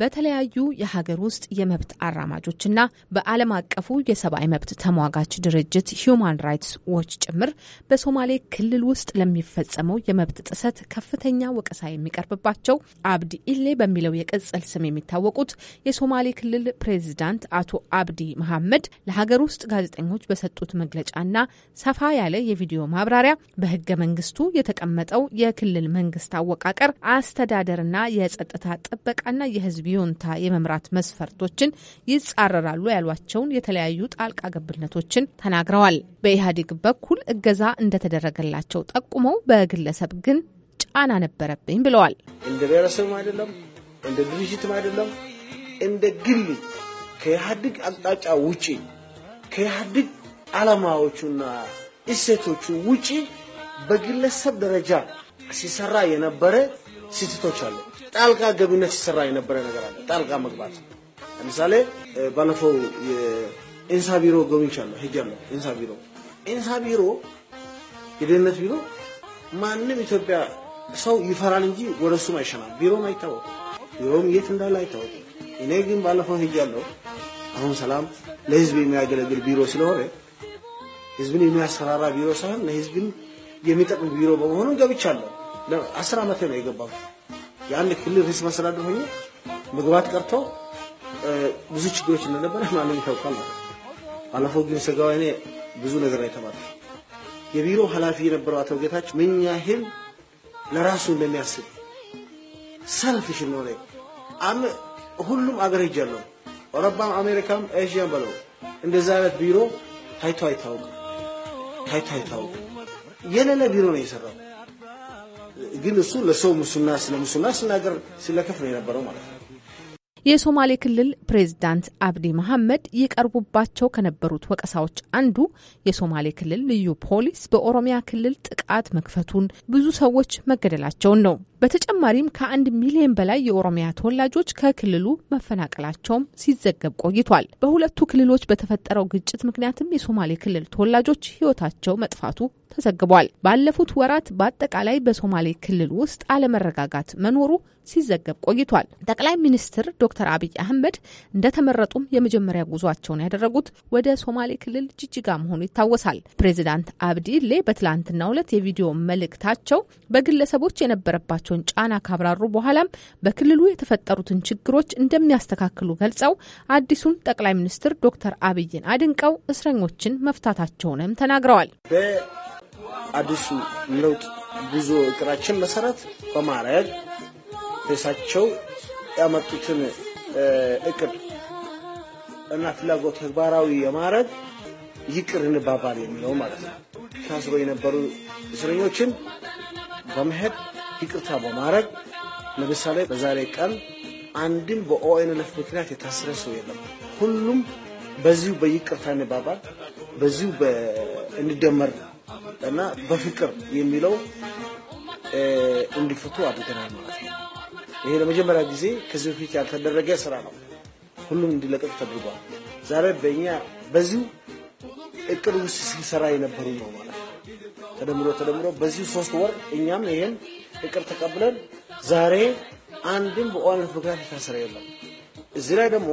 S12: በተለያዩ የሀገር ውስጥ የመብት አራማጆችና በዓለም አቀፉ የሰብአዊ መብት ተሟጋች ድርጅት ሂዩማን ራይትስ ዎች ጭምር በሶማሌ ክልል ውስጥ ለሚፈጸመው የመብት ጥሰት ከፍተኛ ወቀሳ የሚቀርብባቸው አብዲ ኢሌ በሚለው የቅጽል ስም የሚታወቁት የሶማሌ ክልል ፕሬዚዳንት አቶ አብዲ መሐመድ ለሀገር ውስጥ ጋዜጠኞች በሰጡት መግለጫና ሰፋ ያለ የቪዲዮ ማብራሪያ በህገ መንግስቱ የተቀመጠው የክልል መንግስት አወቃቀር አስተዳደርና የጸጥታ ጥበቃና የህዝብ የህዝብ ይሁንታ የመምራት መስፈርቶችን ይጻረራሉ ያሏቸውን የተለያዩ ጣልቃ ገብነቶችን ተናግረዋል። በኢህአዴግ በኩል እገዛ እንደተደረገላቸው ጠቁመው በግለሰብ ግን ጫና ነበረብኝ ብለዋል።
S3: እንደ ብሔረሰብም አይደለም እንደ ድርጅትም አይደለም እንደ ግል ከኢህአዴግ አቅጣጫ ውጪ ከኢህአዴግ ዓላማዎቹና እሴቶቹ ውጪ በግለሰብ ደረጃ ሲሰራ የነበረ ስህተቶች አሉ። ጣልቃ ገብነት ሲሰራ የነበረ ነገር አለ። ጣልቃ መግባት ለምሳሌ ባለፈው ኢንሳ ቢሮ ጎብኝቻለሁ፣ ሄጃለሁ። ኢንሳ ቢሮ ኢንሳ ቢሮ የደህንነት ቢሮ ማንም ኢትዮጵያ ሰው ይፈራል እንጂ ወደ እሱም አይሸናል። ቢሮም አይታወቅም፣ ቢሮም የት እንዳለ አይታወቅም። እኔ ግን ባለፈው ሄጃለሁ። አሁን ሰላም ለህዝብ የሚያገለግል ቢሮ ስለሆነ ህዝብን የሚያስፈራራ ቢሮ ሳይሆን ለህዝብን የሚጠቅም ቢሮ በመሆኑ ገብቻለሁ። አስር ዓመት ነው የገባሁት። የአንድ ክልል ርዕሰ መስተዳድር ሆኜ መግባት ቀርቶ ብዙ ችግሮች እንደነበረ ማንም ይታውቃል ማለት ነው። ባለፈው ግን ስጋው እኔ ብዙ ነገር የተባለ የቢሮ ኃላፊ የነበረው አቶ ጌታቸው ምን ያህል ለራሱ እንደሚያስብ ሰልፍሽ ነው ላይ አም ሁሉም አገር ሄጃለሁ። አውሮፓም፣ አሜሪካም፣ ኤዥያም በለው እንደዛ አይነት ቢሮ ታይቶ አይታወቅም። ታይቶ አይታወቅም። የሌለ ቢሮ ነው የሰራው። ግን እሱ ለሰው ሙስና ስለ ሙስና ስናገር ሲለከፍ ነው የነበረው ማለት ነው።
S12: የሶማሌ ክልል ፕሬዝዳንት አብዲ መሐመድ ይቀርቡባቸው ከነበሩት ወቀሳዎች አንዱ የሶማሌ ክልል ልዩ ፖሊስ በኦሮሚያ ክልል ጥቃት መክፈቱን፣ ብዙ ሰዎች መገደላቸውን ነው። በተጨማሪም ከአንድ ሚሊዮን በላይ የኦሮሚያ ተወላጆች ከክልሉ መፈናቀላቸውም ሲዘገብ ቆይቷል። በሁለቱ ክልሎች በተፈጠረው ግጭት ምክንያትም የሶማሌ ክልል ተወላጆች ሕይወታቸው መጥፋቱ ተዘግቧል። ባለፉት ወራት በአጠቃላይ በሶማሌ ክልል ውስጥ አለመረጋጋት መኖሩ ሲዘገብ ቆይቷል። ጠቅላይ ሚኒስትር ዶክተር አብይ አህመድ እንደተመረጡም የመጀመሪያ ጉዟቸውን ያደረጉት ወደ ሶማሌ ክልል ጅጅጋ መሆኑ ይታወሳል። ፕሬዚዳንት አብዲሌ በትላንትናው ዕለት የቪዲዮ መልእክታቸው በግለሰቦች የነበረባቸውን ጫና ካብራሩ በኋላም በክልሉ የተፈጠሩትን ችግሮች እንደሚያስተካክሉ ገልጸው አዲሱን ጠቅላይ ሚኒስትር ዶክተር አብይን አድንቀው እስረኞችን መፍታታቸውንም ተናግረዋል።
S3: አዲሱ ለውጥ ጉዞ እቅራችን መሰረት በማድረግ እሳቸው ያመጡትን እቅድ እና ፍላጎት ተግባራዊ የማድረግ ይቅር እንባባል የሚለው ማለት ነው። ታስሮ የነበሩ እስረኞችን በመሄድ ይቅርታ በማድረግ ለምሳሌ በዛሬ ቀን አንድም በኦኤንኤፍ ምክንያት የታሰረ ሰው የለም። ሁሉም በዚሁ በይቅርታ እንባባል፣ በዚሁ እንደመር። እና በፍቅር የሚለው እንዲፈቱ አድርገናል ማለት ነው። ይሄ ለመጀመሪያ ጊዜ ከዚህ በፊት ያልተደረገ ስራ ነው። ሁሉም እንዲለቀቅ ተደርጓል። ዛሬ በእኛ በዚሁ እቅድ ውስጥ ሲሰራ የነበሩ ነው ማለት ነው። ተደምሮ ተደምሮ በዚሁ ሶስት ወር እኛም ይሄን እቅድ ተቀብለን ዛሬ አንድም በኦነፍ ምክንያት የታሰረ የለም። እዚህ ላይ ደግሞ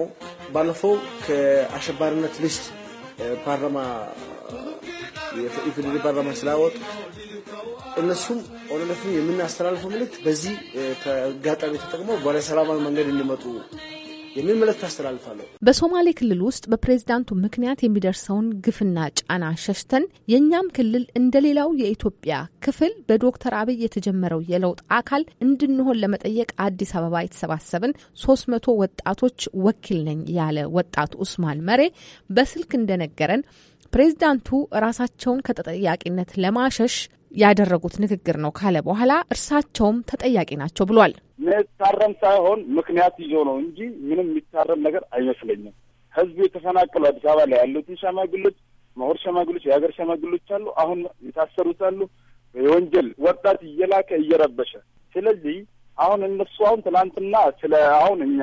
S3: ባለፈው ከአሸባሪነት ሊስት ፓርላማ የኢፌዴሪ ፓርላማ ስላወጡ እነሱም ኦነነፍ የምናስተላልፈው መልእክት በዚህ ተጋጣሚ ተጠቅመው ወደ ሰላማዊ መንገድ እንዲመጡ የሚል መልእክት አስተላልፋለሁ።
S12: በሶማሌ ክልል ውስጥ በፕሬዝዳንቱ ምክንያት የሚደርሰውን ግፍና ጫና ሸሽተን የእኛም ክልል እንደሌላው የኢትዮጵያ ክፍል በዶክተር አብይ የተጀመረው የለውጥ አካል እንድንሆን ለመጠየቅ አዲስ አበባ የተሰባሰብን ሶስት መቶ ወጣቶች ወኪል ነኝ ያለ ወጣት ኡስማን መሬ በስልክ እንደነገረን ፕሬዚዳንቱ ራሳቸውን ከተጠያቂነት ለማሸሽ ያደረጉት ንግግር ነው ካለ በኋላ እርሳቸውም ተጠያቂ ናቸው ብሏል።
S4: መታረም ሳይሆን ምክንያት ይዞ ነው እንጂ ምንም የሚታረም ነገር አይመስለኝም። ህዝቡ የተፈናቀሉ አዲስ አበባ ላይ ያሉትን ሸማግሎች፣ መሆር ሸማግሎች፣ የሀገር ሸማግሎች አሉ። አሁን የታሰሩት አሉ። የወንጀል ወጣት እየላከ እየረበሸ ስለዚህ አሁን እነሱ አሁን ትናንትና ስለ አሁን እኛ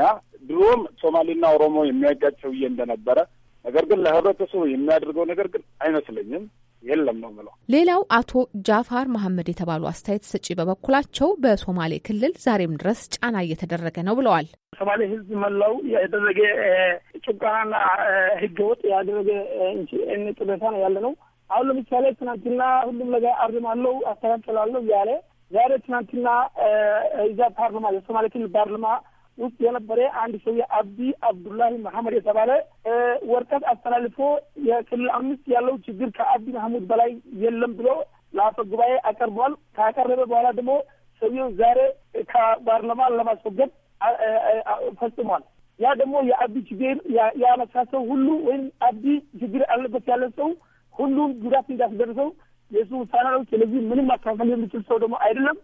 S4: ድሮም ሶማሌና ኦሮሞ የሚያጋጭ ሰውዬ እንደነበረ ነገር ግን ለህብረተሰቡ የሚያደርገው ነገር ግን አይመስለኝም የለም ነው ምለው።
S12: ሌላው አቶ ጃፋር መሐመድ የተባሉ አስተያየት ሰጪ በበኩላቸው በሶማሌ ክልል ዛሬም ድረስ ጫና እየተደረገ ነው ብለዋል።
S4: ሶማሌ ህዝብ መላው ያደረገ ጭቆናና ህገወጥ ያደረገ ጥበታ ነው ያለ ነው። አሁን ለምሳሌ ትናንትና ሁሉም ነገር አርማለሁ አስተካክላለሁ ያለ ዛሬ ትናንትና እዛ ፓርላማ የሶማሌ ክልል ፓርላማ ውስጥ የነበረ አንድ ሰው የአብዲ አብዱላሂ መሐመድ የተባለ ወረቀት አስተላልፎ የክልል አምስት ያለው ችግር ከአብዲ መሐሙድ በላይ የለም ብሎ ለአፈ ጉባኤ አቀርቧል። ካቀረበ በኋላ ደግሞ ሰውየው ዛሬ ከፓርላማ ለማስወገድ ፈጽሟል። ያ ደግሞ የአብዲ ችግር ያነሳ ሰው ሁሉ ወይም አብዲ ችግር አለበት ያለ ሰው ሁሉም ጉዳት እንዳስደርሰው የእሱ ውሳኔ ነው። ስለዚህ ምንም ማካፈል የሚችል ሰው ደግሞ አይደለም።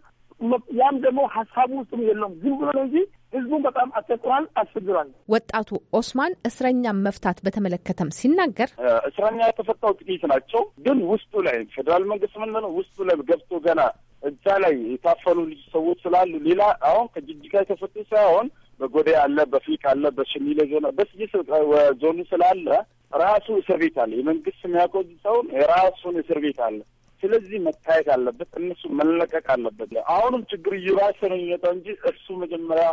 S4: ያም ደግሞ ሀሳቡ ውስጥም የለውም። ዝም ብሎ ነው እንጂ ህዝቡን በጣም አስቸግሯል አስቸግሯል።
S12: ወጣቱ ኦስማን እስረኛ መፍታት በተመለከተም ሲናገር
S4: እስረኛ የተፈታው ጥቂት ናቸው፣ ግን ውስጡ ላይ ፌዴራል መንግስት ምን ምን ውስጡ ላይ ገብቶ ገና እዛ ላይ የታፈኑ ልጅ ሰዎች ስላሉ ሌላ አሁን ከጅጅጋ የተፈቱ ሳይሆን በጎዴ አለ፣ በፊቅ አለ፣ በሽሚሌ ዞን በስጅ ዞኑ ስላለ ራሱ እስር ቤት አለ። የመንግስት የሚያቆዝ ሰውን የራሱን እስር ቤት አለ። ስለዚህ መታየት አለበት፣ እነሱ መለቀቅ አለበት። አሁንም ችግር እየባሰ ነው የሚመጣው እንጂ እሱ መጀመሪያ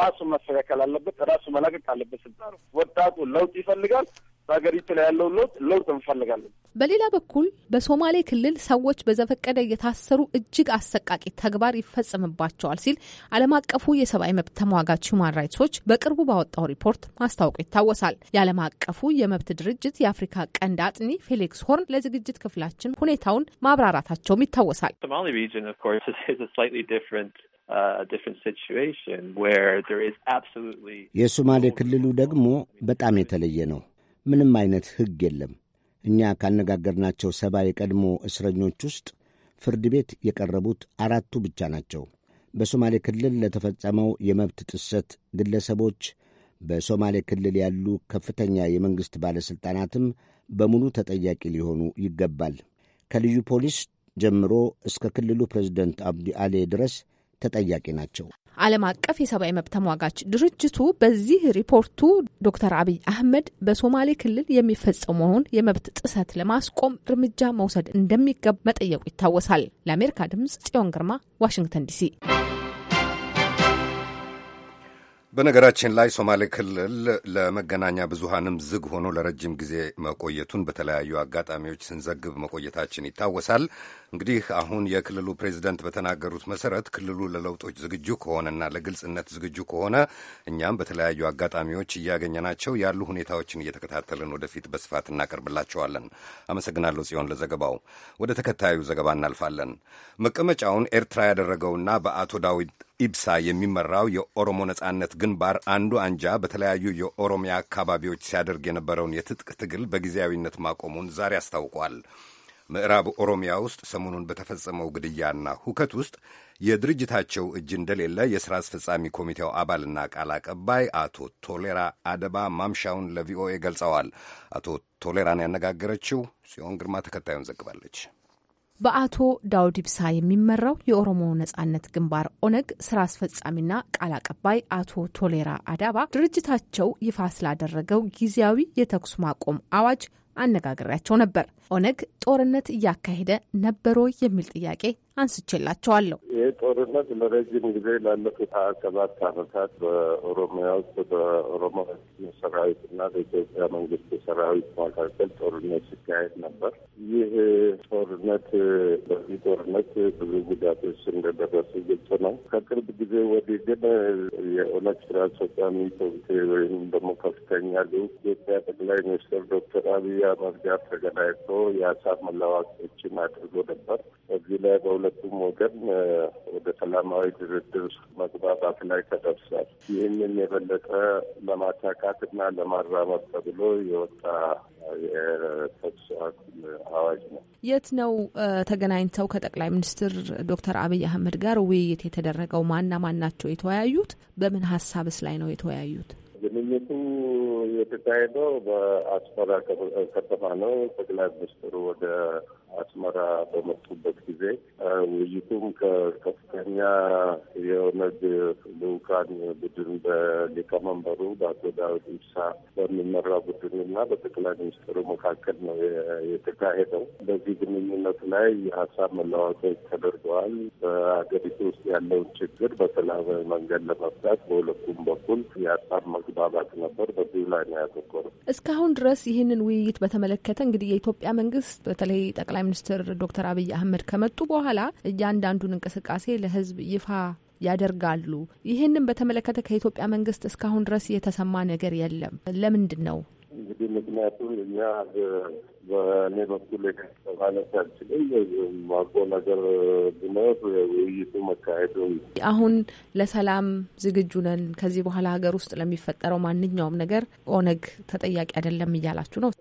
S4: ራሱ መስተካከል አለበት፣ ራሱ መላቀቅ አለበት። ስልጣኑ ወጣቱ ለውጥ ይፈልጋል። በሀገሪቱ ላይ ያለው ለውጥ ለውጥ እንፈልጋለን።
S12: በሌላ በኩል በሶማሌ ክልል ሰዎች በዘፈቀደ እየታሰሩ እጅግ አሰቃቂ ተግባር ይፈጸምባቸዋል ሲል ዓለም አቀፉ የሰብአዊ መብት ተሟጋች ሁማን ራይትሶች በቅርቡ ባወጣው ሪፖርት ማስታወቁ ይታወሳል። የዓለም አቀፉ የመብት ድርጅት የአፍሪካ ቀንድ አጥኒ ፌሊክስ ሆርን ለዝግጅት ክፍላችን ሁኔታውን ማብራራታቸውም ይታወሳል።
S10: Uh,
S13: የሶማሌ ክልሉ ደግሞ በጣም የተለየ ነው። ምንም አይነት ሕግ የለም። እኛ ካነጋገርናቸው ሰባ የቀድሞ እስረኞች ውስጥ ፍርድ ቤት የቀረቡት አራቱ ብቻ ናቸው። በሶማሌ ክልል ለተፈጸመው የመብት ጥሰት ግለሰቦች፣ በሶማሌ ክልል ያሉ ከፍተኛ የመንግሥት ባለሥልጣናትም በሙሉ ተጠያቂ ሊሆኑ ይገባል። ከልዩ ፖሊስ ጀምሮ እስከ ክልሉ ፕሬዚደንት አብዲ አሌ ድረስ ተጠያቂ ናቸው።
S12: ዓለም አቀፍ የሰብአዊ መብት ተሟጋች ድርጅቱ በዚህ ሪፖርቱ ዶክተር አብይ አህመድ በሶማሌ ክልል የሚፈጸመውን የመብት ጥሰት ለማስቆም እርምጃ መውሰድ እንደሚገባ መጠየቁ ይታወሳል። ለአሜሪካ ድምጽ ጽዮን ግርማ ዋሽንግተን ዲሲ
S1: በነገራችን ላይ ሶማሌ ክልል ለመገናኛ ብዙሃንም ዝግ ሆኖ ለረጅም ጊዜ መቆየቱን በተለያዩ አጋጣሚዎች ስንዘግብ መቆየታችን ይታወሳል። እንግዲህ አሁን የክልሉ ፕሬዚደንት በተናገሩት መሰረት ክልሉ ለለውጦች ዝግጁ ከሆነና ለግልጽነት ዝግጁ ከሆነ እኛም በተለያዩ አጋጣሚዎች እያገኘናቸው ያሉ ሁኔታዎችን እየተከታተልን ወደፊት በስፋት እናቀርብላቸዋለን። አመሰግናለሁ ጽዮን ለዘገባው። ወደ ተከታዩ ዘገባ እናልፋለን። መቀመጫውን ኤርትራ ያደረገውና በአቶ ዳዊት ኢብሳ የሚመራው የኦሮሞ ነጻነት ግንባር አንዱ አንጃ በተለያዩ የኦሮሚያ አካባቢዎች ሲያደርግ የነበረውን የትጥቅ ትግል በጊዜያዊነት ማቆሙን ዛሬ አስታውቋል። ምዕራብ ኦሮሚያ ውስጥ ሰሞኑን በተፈጸመው ግድያና ሁከት ውስጥ የድርጅታቸው እጅ እንደሌለ የሥራ አስፈጻሚ ኮሚቴው አባልና ቃል አቀባይ አቶ ቶሌራ አደባ ማምሻውን ለቪኦኤ ገልጸዋል። አቶ ቶሌራን ያነጋገረችው ጽዮን ግርማ ተከታዩን ዘግባለች።
S12: በአቶ ዳውድ ኢብሳ የሚመራው የኦሮሞ ነጻነት ግንባር ኦነግ ስራ አስፈጻሚና ቃል አቀባይ አቶ ቶሌራ አዳባ ድርጅታቸው ይፋ ስላደረገው ጊዜያዊ የተኩስ ማቆም አዋጅ አነጋግሬያቸው ነበር። ኦነግ ጦርነት እያካሄደ ነበሮ የሚል ጥያቄ አንስቼላቸዋለሁ።
S13: ይህ
S14: ጦርነት ለረጅም ጊዜ ላለፉት ሀያ ሰባት ዓመታት በኦሮሚያ ውስጥ በኦሮሞ ሰራዊት እና በኢትዮጵያ መንግስት ሰራዊት መካከል ጦርነት ሲካሄድ ነበር። ይህ ጦርነት በዚህ ጦርነት ብዙ ጉዳቶች እንደደረሱ ግልጽ ነው። ከቅርብ ጊዜ ወዲህ ግን የኦነግ ስራ አስፈጻሚ ኮሚቴ ወይም ደግሞ ከፍተኛ ልዑክ ኢትዮጵያ ጠቅላይ ሚኒስትር ዶክተር አብይ አህመድ ጋር ተገናኝቶ የሀሳብ መለዋወጦችን አድርጎ ነበር። በዚህ ላይ በሁለቱም ወገን ወደ ሰላማዊ ድርድር መግባባት ላይ ተደርሷል። ይህንን የበለጠ ለማሳካት እና ለማራመድ ተብሎ የወጣ የተኩስ አዋጅ ነው።
S12: የት ነው ተገናኝተው ከጠቅላይ ሚኒስትር ዶክተር አብይ አህመድ ጋር ውይይት የተደረገው? ማና ማን ናቸው የተወያዩት? በምን ሀሳብስ ላይ ነው የተወያዩት?
S14: ግንኙቱ የተካሄደው በአስመራ ከተማ ነው። ጠቅላይ ሚኒስትሩ ወደ አስመራ በመጡበት ጊዜ ውይይቱም ከከፍተኛ የኦነግ ልዑካን ቡድን በሊቀመንበሩ በአቶ ዳዊት ኢብሳ በሚመራ ቡድንና በጠቅላይ ሚኒስትሩ መካከል ነው የተካሄደው። በዚህ ግንኙነት ላይ የሀሳብ መለዋወጦች ተደርገዋል። በሀገሪቱ ውስጥ ያለውን ችግር በሰላማዊ መንገድ ለመፍታት በሁለቱም በኩል የሀሳብ መግባባት ነበር። በዚህ ላይ ነው ያተኮረው።
S12: እስካሁን ድረስ ይህንን ውይይት በተመለከተ እንግዲህ የኢትዮጵያ መንግስት በተለይ ጠቅላይ ሚኒስትር ዶክተር አብይ አህመድ ከመጡ በኋላ እያንዳንዱን እንቅስቃሴ ለህዝብ ይፋ ያደርጋሉ። ይህንን በተመለከተ ከኢትዮጵያ መንግስት እስካሁን ድረስ የተሰማ ነገር የለም። ለምንድን ነው?
S14: እንግዲህ ምክንያቱ እኛ በእኔ በኩል ማለት አልችልም። ማቆ ነገር ቢኖር ውይይቱ መካሄዱ
S12: አሁን ለሰላም ዝግጁ ነን፣ ከዚህ በኋላ ሀገር ውስጥ ለሚፈጠረው ማንኛውም ነገር ኦነግ ተጠያቂ አይደለም እያላችሁ ነው።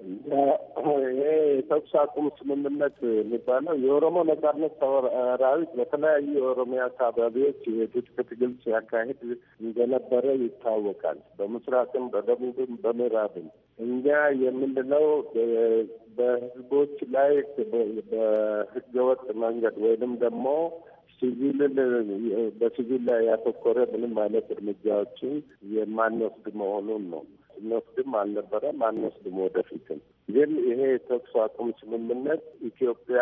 S14: ይሄ የተኩስ አቁም ስምምነት የሚባለው የኦሮሞ ነጻነት ሰራዊት በተለያዩ የኦሮሚያ አካባቢዎች የትጥቅ ትግል ሲያካሂድ እንደነበረ ይታወቃል። በምስራቅም፣ በደቡብም፣ በምዕራብም እኛ የምንለው በህዝቦች ላይ በህገወጥ መንገድ ወይንም ደግሞ ሲቪልን በሲቪል ላይ ያተኮረ ምንም አይነት እርምጃዎችን የማንወስድ መሆኑን ነው። እንወስድም አልነበረም ማንወስድም ወደፊትም። ግን ይሄ የተኩስ አቁም ስምምነት ኢትዮጵያ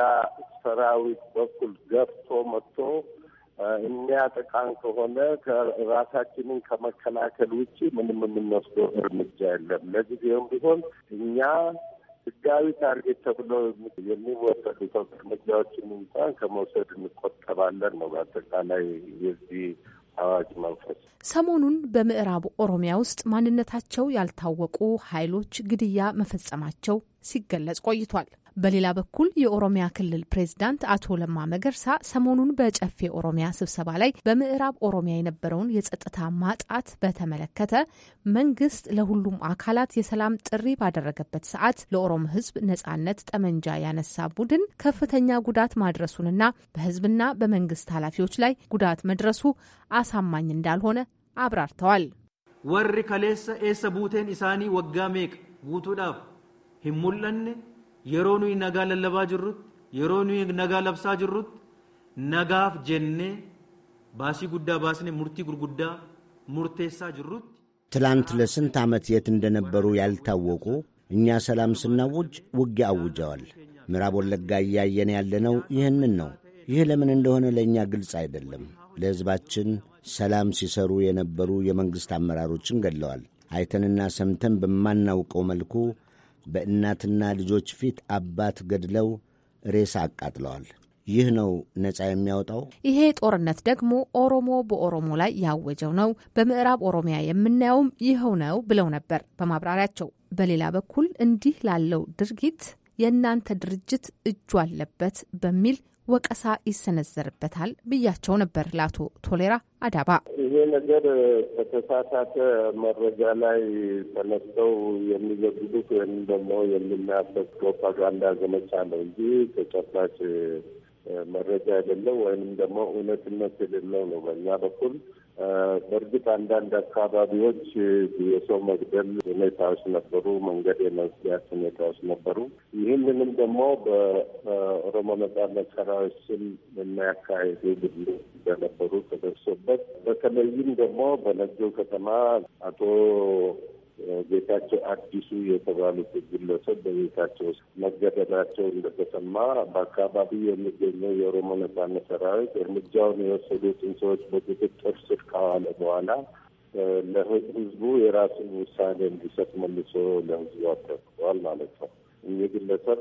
S14: ሰራዊት በኩል ገብቶ መጥቶ የሚያጠቃን ከሆነ ራሳችንን ከመከላከል ውጭ ምንም የምንወስደው እርምጃ የለም። ለጊዜውም ቢሆን እኛ ህጋዊ ታርጌት ተብሎ የሚወሰዱ እርምጃዎችን እንኳን ከመውሰድ እንቆጠባለን ነው በአጠቃላይ የዚህ አዋጅ መንፈስ።
S12: ሰሞኑን በምዕራብ ኦሮሚያ ውስጥ ማንነታቸው ያልታወቁ ኃይሎች ግድያ መፈጸማቸው ሲገለጽ ቆይቷል። በሌላ በኩል የኦሮሚያ ክልል ፕሬዝዳንት አቶ ለማ መገርሳ ሰሞኑን በጨፌ ኦሮሚያ ስብሰባ ላይ በምዕራብ ኦሮሚያ የነበረውን የጸጥታ ማጣት በተመለከተ መንግስት ለሁሉም አካላት የሰላም ጥሪ ባደረገበት ሰዓት ለኦሮሞ ህዝብ ነጻነት ጠመንጃ ያነሳ ቡድን ከፍተኛ ጉዳት ማድረሱንና በህዝብና በመንግስት ኃላፊዎች ላይ ጉዳት መድረሱ አሳማኝ እንዳልሆነ አብራርተዋል።
S3: ወሪ ከሌሰ ኤሰ ቡቴን ኢሳኒ ወጋ ሜቅ ጉቱዳፍ ሂሙለኔ yeroo nuyi nagaa lallabaa jirrutti yeroo nuyi nagaa labsaa jirrutti nagaaf jennee baasii guddaa baasnee murtii gurguddaa murteessaa jirrutti.
S13: ትላንት ለስንት ዓመት የት እንደነበሩ ያልታወቁ እኛ ሰላም ስናውጅ ውጊያ አውጀዋል። ምዕራብ ወለጋ እያየን ያለነው ይህንን ነው። ይህ ለምን እንደሆነ ለእኛ ግልጽ አይደለም። ለሕዝባችን ሰላም ሲሰሩ የነበሩ የመንግሥት አመራሮችን ገድለዋል። አይተንና ሰምተን በማናውቀው መልኩ በእናትና ልጆች ፊት አባት ገድለው ሬሳ አቃጥለዋል። ይህ ነው ነጻ የሚያወጣው።
S12: ይሄ ጦርነት ደግሞ ኦሮሞ በኦሮሞ ላይ ያወጀው ነው፣ በምዕራብ ኦሮሚያ የምናየውም ይኸው ነው ብለው ነበር በማብራሪያቸው። በሌላ በኩል እንዲህ ላለው ድርጊት የእናንተ ድርጅት እጁ አለበት በሚል ወቀሳ ይሰነዘርበታል ብያቸው ነበር ለአቶ ቶሌራ አዳባ።
S14: ይሄ ነገር በተሳሳተ መረጃ ላይ ተነስተው የሚዘግቡት ወይም ደግሞ የሚናፈስ ፕሮፓጋንዳ ዘመቻ ነው እንጂ ተጨባጭ መረጃ የሌለው ወይንም ደግሞ እውነትነት የሌለው ነው በእኛ በኩል። በእርግጥ አንዳንድ አካባቢዎች የሰው መግደል ሁኔታዎች ነበሩ፣ መንገድ የመዝጋት ሁኔታዎች ነበሩ። ይህንንም ደግሞ በኦሮሞ ነጻነት ሰራዊት ስም የሚያካሄዱ ብሉ እንደነበሩ ተደርሶበት በተለይም ደግሞ በነጆ ከተማ አቶ ጌታቸው አዲሱ የተባሉት ግለሰብ በቤታቸው ውስጥ መገደላቸው እንደተሰማ በአካባቢ የሚገኘው የኦሮሞ ነጻነት ሰራዊት እርምጃውን የወሰዱትን ሰዎች በቁጥጥር ስር ካዋለ በኋላ ለህዝቡ የራሱን ውሳኔ እንዲሰጥ መልሶ ለህዝቡ አቅርበዋል ማለት ነው። የግለሰብ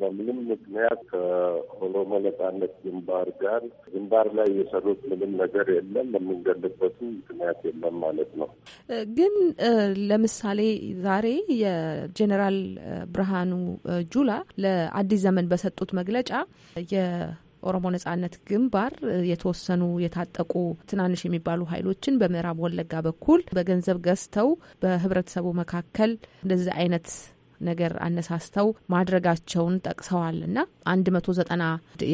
S14: በምንም ምክንያት ከኦሮሞ ነጻነት ግንባር ጋር ግንባር ላይ የሰሩት ምንም ነገር የለም። የምንገልበቱ ምክንያት የለም ማለት ነው።
S12: ግን ለምሳሌ ዛሬ የጄኔራል ብርሃኑ ጁላ ለአዲስ ዘመን በሰጡት መግለጫ ኦሮሞ ነጻነት ግንባር የተወሰኑ የታጠቁ ትናንሽ የሚባሉ ኃይሎችን በምዕራብ ወለጋ በኩል በገንዘብ ገዝተው በህብረተሰቡ መካከል እንደዚህ አይነት ነገር አነሳስተው ማድረጋቸውን ጠቅሰዋል እና አንድ መቶ ዘጠና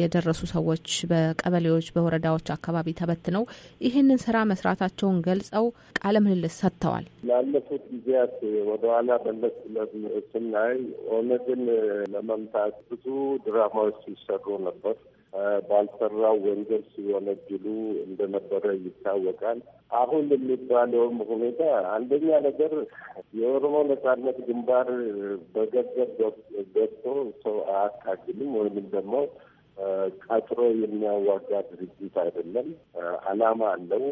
S12: የደረሱ ሰዎች በቀበሌዎች በወረዳዎች አካባቢ ተበትነው ይህንን ስራ መስራታቸውን ገልጸው ቃለ ምልልስ ሰጥተዋል።
S14: ላለፉት ጊዜያት ወደኋላ መለስ ስናይ ኦነግን ለመምታት ብዙ ድራማዎች ይሰሩ ነበር። ባልሰራው ወንጀል ሲወነጅሉ እንደነበረ ይታወቃል። አሁን የሚባለውም ሁኔታ አንደኛ ነገር የኦሮሞ ነጻነት ግንባር በገንዘብ ገብቶ ሰው አያታግልም ወይም ደግሞ ቀጥሮ የሚያዋጋ ድርጅት አይደለም። ዓላማ አለው።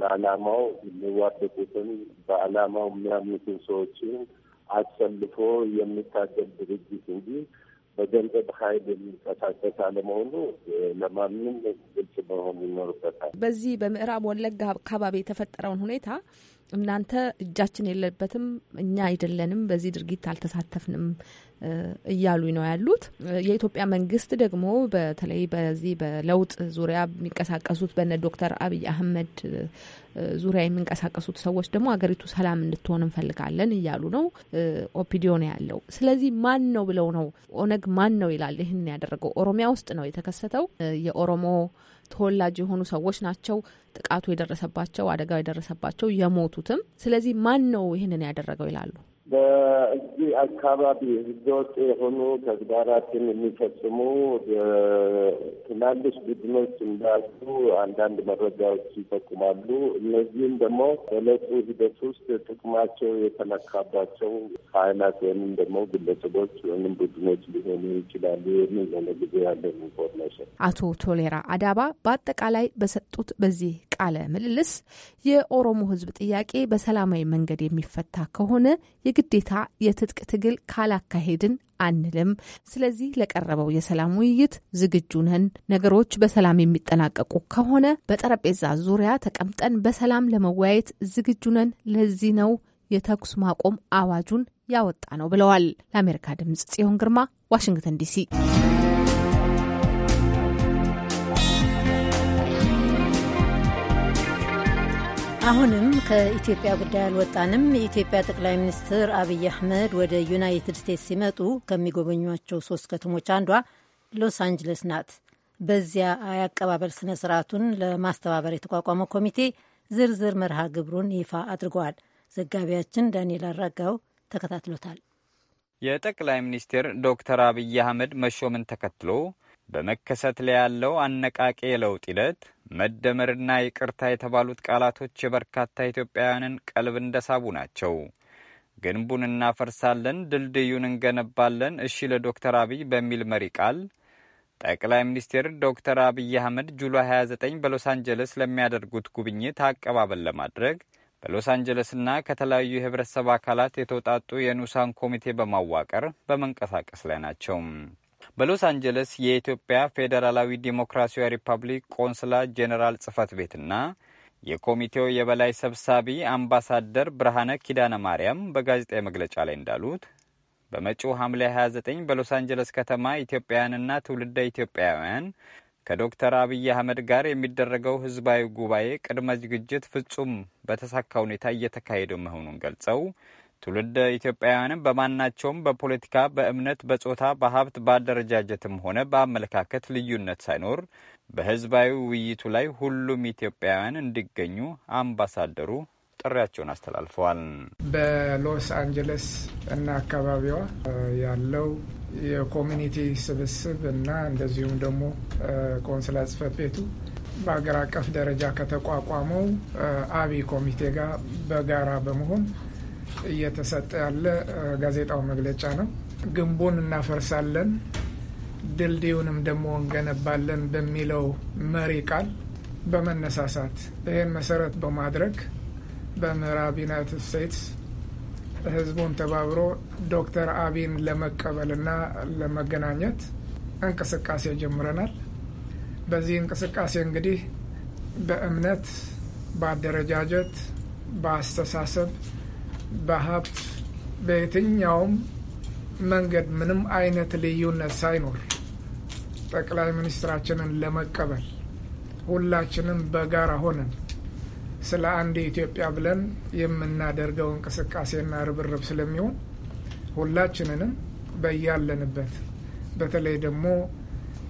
S14: ለዓላማው የሚዋደቁትን በዓላማው የሚያምኑትን ሰዎችን አሰልፎ የሚታገል ድርጅት እንጂ በገንዘብ ኃይል የሚንቀሳቀስ አለመሆኑ ለማንም ግልጽ መሆን ይኖርበታል።
S12: በዚህ በምዕራብ ወለጋ አካባቢ የተፈጠረውን ሁኔታ እናንተ እጃችን የለበትም፣ እኛ አይደለንም፣ በዚህ ድርጊት አልተሳተፍንም እያሉ ነው ያሉት። የኢትዮጵያ መንግስት ደግሞ በተለይ በዚህ በለውጥ ዙሪያ የሚንቀሳቀሱት በነ ዶክተር አብይ አህመድ ዙሪያ የሚንቀሳቀሱት ሰዎች ደግሞ ሀገሪቱ ሰላም እንድትሆን እንፈልጋለን እያሉ ነው። ኦፒዲዮ ነው ያለው። ስለዚህ ማን ነው ብለው ነው ኦነግ ማን ነው ይላል። ይህን ያደረገው ኦሮሚያ ውስጥ ነው የተከሰተው የኦሮሞ ተወላጅ የሆኑ ሰዎች ናቸው ጥቃቱ የደረሰባቸው አደጋው የደረሰባቸው የሞቱትም። ስለዚህ ማን ነው ይህንን ያደረገው ይላሉ።
S14: በዚህ አካባቢ ህገወጥ የሆኑ ተግባራትን የሚፈጽሙ ትናንሽ ቡድኖች እንዳሉ አንዳንድ መረጃዎች ይጠቁማሉ። እነዚህም ደግሞ በለጡ ሂደት ውስጥ ጥቅማቸው የተነካባቸው ኃይላት ወይም ደግሞ ግለሰቦች ወይም ቡድኖች ሊሆኑ ይችላሉ የሚል ሆነ ጊዜ ያለ ኢንፎርሜሽን።
S12: አቶ ቶሌራ አዳባ በአጠቃላይ በሰጡት በዚህ ቃለ ምልልስ የኦሮሞ ህዝብ ጥያቄ በሰላማዊ መንገድ የሚፈታ ከሆነ የግዴታ የትጥቅ ትግል ካላካሄድን አንልም። ስለዚህ ለቀረበው የሰላም ውይይት ዝግጁ ነን። ነገሮች በሰላም የሚጠናቀቁ ከሆነ በጠረጴዛ ዙሪያ ተቀምጠን በሰላም ለመወያየት ዝግጁ ነን። ለዚህ ነው የተኩስ ማቆም አዋጁን ያወጣ ነው ብለዋል። ለአሜሪካ ድምጽ ጽዮን ግርማ ዋሽንግተን ዲሲ
S2: አሁንም ከኢትዮጵያ ጉዳይ አልወጣንም። የኢትዮጵያ ጠቅላይ ሚኒስትር አብይ አህመድ ወደ ዩናይትድ ስቴትስ ሲመጡ ከሚጎበኟቸው ሶስት ከተሞች አንዷ ሎስ አንጅለስ ናት። በዚያ የአቀባበል ስነ ስርዓቱን ለማስተባበር የተቋቋመው ኮሚቴ ዝርዝር መርሃ ግብሩን ይፋ አድርገዋል። ዘጋቢያችን ዳንኤል አራጋው ተከታትሎታል።
S15: የጠቅላይ ሚኒስትር ዶክተር አብይ አህመድ መሾምን ተከትሎ በመከሰት ላይ ያለው አነቃቂ የለውጥ ሂደት መደመርና ይቅርታ የተባሉት ቃላቶች የበርካታ ኢትዮጵያውያንን ቀልብ እንደሳቡ ናቸው። ግንቡን እናፈርሳለን፣ ድልድዩን እንገነባለን፣ እሺ ለዶክተር አብይ በሚል መሪ ቃል ጠቅላይ ሚኒስትር ዶክተር አብይ አህመድ ጁላይ 29 በሎስ አንጀለስ ለሚያደርጉት ጉብኝት አቀባበል ለማድረግ በሎስ አንጀለስና ከተለያዩ የህብረተሰብ አካላት የተውጣጡ የንዑሳን ኮሚቴ በማዋቀር በመንቀሳቀስ ላይ ናቸው። በሎስ አንጀለስ የኢትዮጵያ ፌዴራላዊ ዲሞክራሲያዊ ሪፐብሊክ ቆንስላ ጄኔራል ጽህፈት ቤትና የኮሚቴው የበላይ ሰብሳቢ አምባሳደር ብርሃነ ኪዳነ ማርያም በጋዜጣዊ መግለጫ ላይ እንዳሉት በመጪው ሐምሌ 29 በሎስ አንጀለስ ከተማ ኢትዮጵያውያንና ትውልደ ኢትዮጵያውያን ከዶክተር አብይ አህመድ ጋር የሚደረገው ህዝባዊ ጉባኤ ቅድመ ዝግጅት ፍጹም በተሳካ ሁኔታ እየተካሄደ መሆኑን ገልጸው ትውልደ ኢትዮጵያውያንም በማናቸውም በፖለቲካ፣ በእምነት፣ በጾታ፣ በሀብት፣ በአደረጃጀትም ሆነ በአመለካከት ልዩነት ሳይኖር በህዝባዊ ውይይቱ ላይ ሁሉም ኢትዮጵያውያን እንዲገኙ አምባሳደሩ ጥሪያቸውን አስተላልፈዋል።
S9: በሎስ አንጀለስ እና አካባቢዋ ያለው የኮሚኒቲ ስብስብ እና እንደዚሁም ደግሞ ቆንስላ ጽህፈት ቤቱ በሀገር አቀፍ ደረጃ ከተቋቋመው አብይ ኮሚቴ ጋር በጋራ በመሆን እየተሰጠ ያለ ጋዜጣው መግለጫ ነው። ግንቡን እናፈርሳለን ድልድዩንም ደግሞ እንገነባለን በሚለው መሪ ቃል በመነሳሳት ይህን መሰረት በማድረግ በምዕራብ ዩናይትድ ስቴትስ ህዝቡን ተባብሮ ዶክተር አቢን ለመቀበልና ለመገናኘት እንቅስቃሴ ጀምረናል። በዚህ እንቅስቃሴ እንግዲህ በእምነት፣ በአደረጃጀት፣ በአስተሳሰብ በሀብት በየትኛውም መንገድ ምንም አይነት ልዩነት ሳይኖር ጠቅላይ ሚኒስትራችንን ለመቀበል ሁላችንም በጋራ ሆነን ስለ አንድ ኢትዮጵያ ብለን የምናደርገው እንቅስቃሴና ርብርብ ስለሚሆን ሁላችንንም በያለንበት በተለይ ደግሞ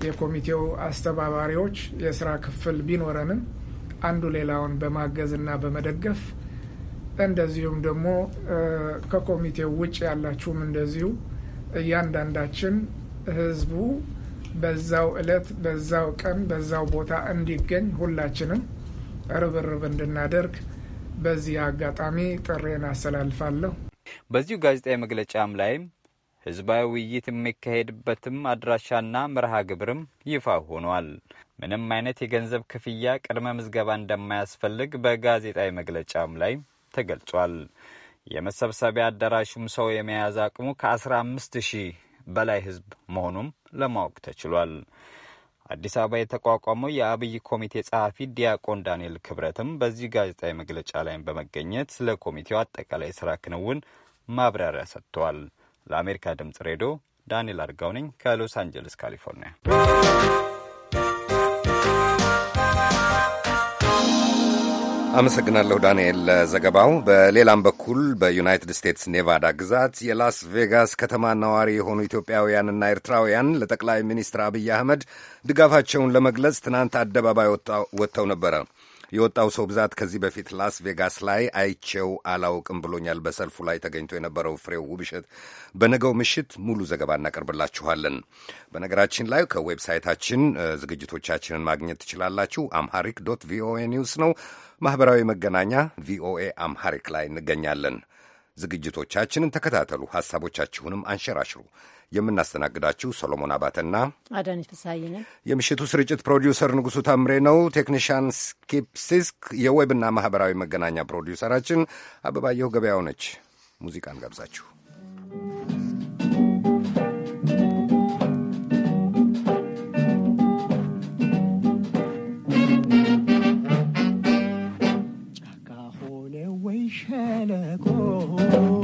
S9: የኮሚቴው አስተባባሪዎች የስራ ክፍል ቢኖረንም አንዱ ሌላውን በማገዝና በመደገፍ እንደዚሁም ደግሞ ከኮሚቴው ውጭ ያላችሁም እንደዚሁ እያንዳንዳችን ህዝቡ በዛው እለት በዛው ቀን በዛው ቦታ እንዲገኝ ሁላችንም ርብርብ እንድናደርግ በዚህ አጋጣሚ ጥሬን አስተላልፋለሁ።
S15: በዚሁ ጋዜጣዊ መግለጫም ላይም ህዝባዊ ውይይት የሚካሄድበትም አድራሻና መርሃ ግብርም ይፋ ሆኗል። ምንም አይነት የገንዘብ ክፍያ ቅድመ ምዝገባ እንደማያስፈልግ በጋዜጣዊ መግለጫም ላይ ተገልጿል። የመሰብሰቢያ አዳራሹም ሰው የመያዝ አቅሙ ከ15 ሺህ በላይ ህዝብ መሆኑም ለማወቅ ተችሏል። አዲስ አበባ የተቋቋመው የአብይ ኮሚቴ ጸሐፊ ዲያቆን ዳንኤል ክብረትም በዚህ ጋዜጣዊ መግለጫ ላይ በመገኘት ስለ ኮሚቴው አጠቃላይ ስራ ክንውን ማብራሪያ ሰጥተዋል። ለአሜሪካ ድምጽ ሬዲዮ ዳንኤል አርጋው ነኝ ከሎስ አንጀለስ ካሊፎርኒያ።
S1: አመሰግናለሁ ዳንኤል ለዘገባው። በሌላም በኩል በዩናይትድ ስቴትስ ኔቫዳ ግዛት የላስ ቬጋስ ከተማ ነዋሪ የሆኑ ኢትዮጵያውያንና ኤርትራውያን ለጠቅላይ ሚኒስትር አብይ አህመድ ድጋፋቸውን ለመግለጽ ትናንት አደባባይ ወጥተው ነበረ። የወጣው ሰው ብዛት ከዚህ በፊት ላስ ቬጋስ ላይ አይቼው አላውቅም ብሎኛል። በሰልፉ ላይ ተገኝቶ የነበረው ፍሬው ውብሸት በነገው ምሽት ሙሉ ዘገባ እናቀርብላችኋለን። በነገራችን ላይ ከዌብሳይታችን ዝግጅቶቻችንን ማግኘት ትችላላችሁ። አምሃሪክ ዶት ቪኦኤ ኒውስ ነው። ማኅበራዊ መገናኛ ቪኦኤ አምሐሪክ ላይ እንገኛለን። ዝግጅቶቻችንን ተከታተሉ፣ ሐሳቦቻችሁንም አንሸራሽሩ። የምናስተናግዳችሁ ሰሎሞን አባተና
S2: አዳነች ፍስሐዬ ነን።
S1: የምሽቱ ስርጭት ፕሮዲውሰር ንጉሡ ታምሬ ነው። ቴክኒሽያን ስኪፕ የዌብና ማኅበራዊ መገናኛ ፕሮዲውሰራችን አበባየሁ ገበያው ነች። ሙዚቃን ጋብዛችሁ
S15: çelek go.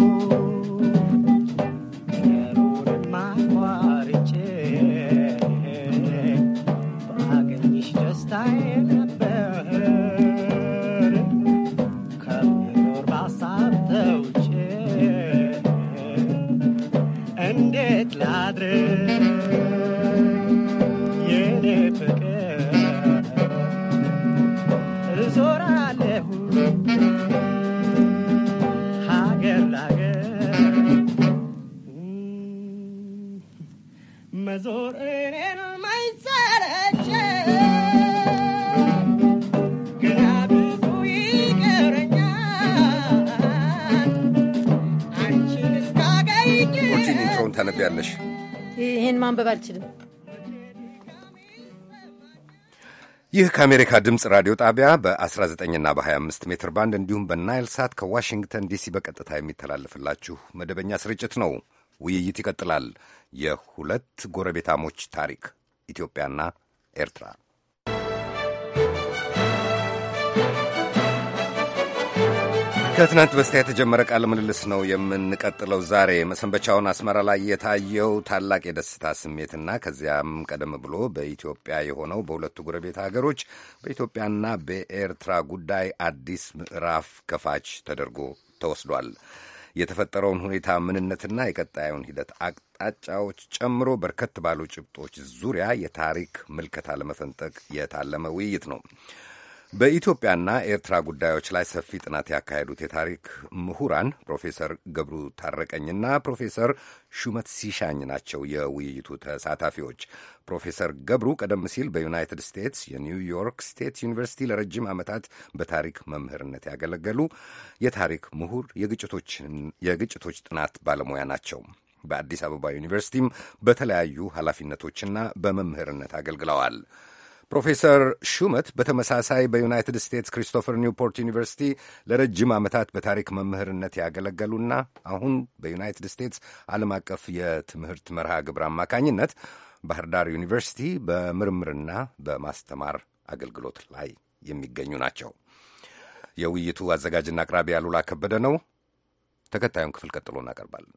S16: መዞር
S1: ታነቢያለሽ?
S2: ይህን ማንበብ አልችልም።
S1: ይህ ከአሜሪካ ድምፅ ራዲዮ ጣቢያ በ19ና በ25 ሜትር ባንድ እንዲሁም በናይል ሳት ከዋሽንግተን ዲሲ በቀጥታ የሚተላለፍላችሁ መደበኛ ስርጭት ነው። ውይይት ይቀጥላል። የሁለት ጎረቤታሞች ታሪክ ኢትዮጵያና ኤርትራ። ከትናንት በስቲያ የተጀመረ ቃለ ምልልስ ነው የምንቀጥለው። ዛሬ መሰንበቻውን አስመራ ላይ የታየው ታላቅ የደስታ ስሜትና ከዚያም ቀደም ብሎ በኢትዮጵያ የሆነው በሁለቱ ጎረቤት ሀገሮች በኢትዮጵያና በኤርትራ ጉዳይ አዲስ ምዕራፍ ከፋች ተደርጎ ተወስዷል። የተፈጠረውን ሁኔታ ምንነትና የቀጣዩን ሂደት አቅጣጫዎች ጨምሮ በርከት ባሉ ጭብጦች ዙሪያ የታሪክ ምልከታ ለመፈንጠቅ የታለመ ውይይት ነው። በኢትዮጵያና ኤርትራ ጉዳዮች ላይ ሰፊ ጥናት ያካሄዱት የታሪክ ምሁራን ፕሮፌሰር ገብሩ ታረቀኝና ፕሮፌሰር ሹመት ሲሻኝ ናቸው የውይይቱ ተሳታፊዎች። ፕሮፌሰር ገብሩ ቀደም ሲል በዩናይትድ ስቴትስ የኒውዮርክ ስቴት ዩኒቨርሲቲ ለረጅም ዓመታት በታሪክ መምህርነት ያገለገሉ የታሪክ ምሁር፣ የግጭቶች ጥናት ባለሙያ ናቸው። በአዲስ አበባ ዩኒቨርሲቲም በተለያዩ ኃላፊነቶችና በመምህርነት አገልግለዋል። ፕሮፌሰር ሹመት በተመሳሳይ በዩናይትድ ስቴትስ ክሪስቶፈር ኒውፖርት ዩኒቨርሲቲ ለረጅም ዓመታት በታሪክ መምህርነት ያገለገሉና አሁን በዩናይትድ ስቴትስ ዓለም አቀፍ የትምህርት መርሃ ግብር አማካኝነት ባህር ዳር ዩኒቨርሲቲ በምርምርና በማስተማር አገልግሎት ላይ የሚገኙ ናቸው። የውይይቱ አዘጋጅና አቅራቢ አሉላ ከበደ ነው። ተከታዩን ክፍል ቀጥሎ እናቀርባለን።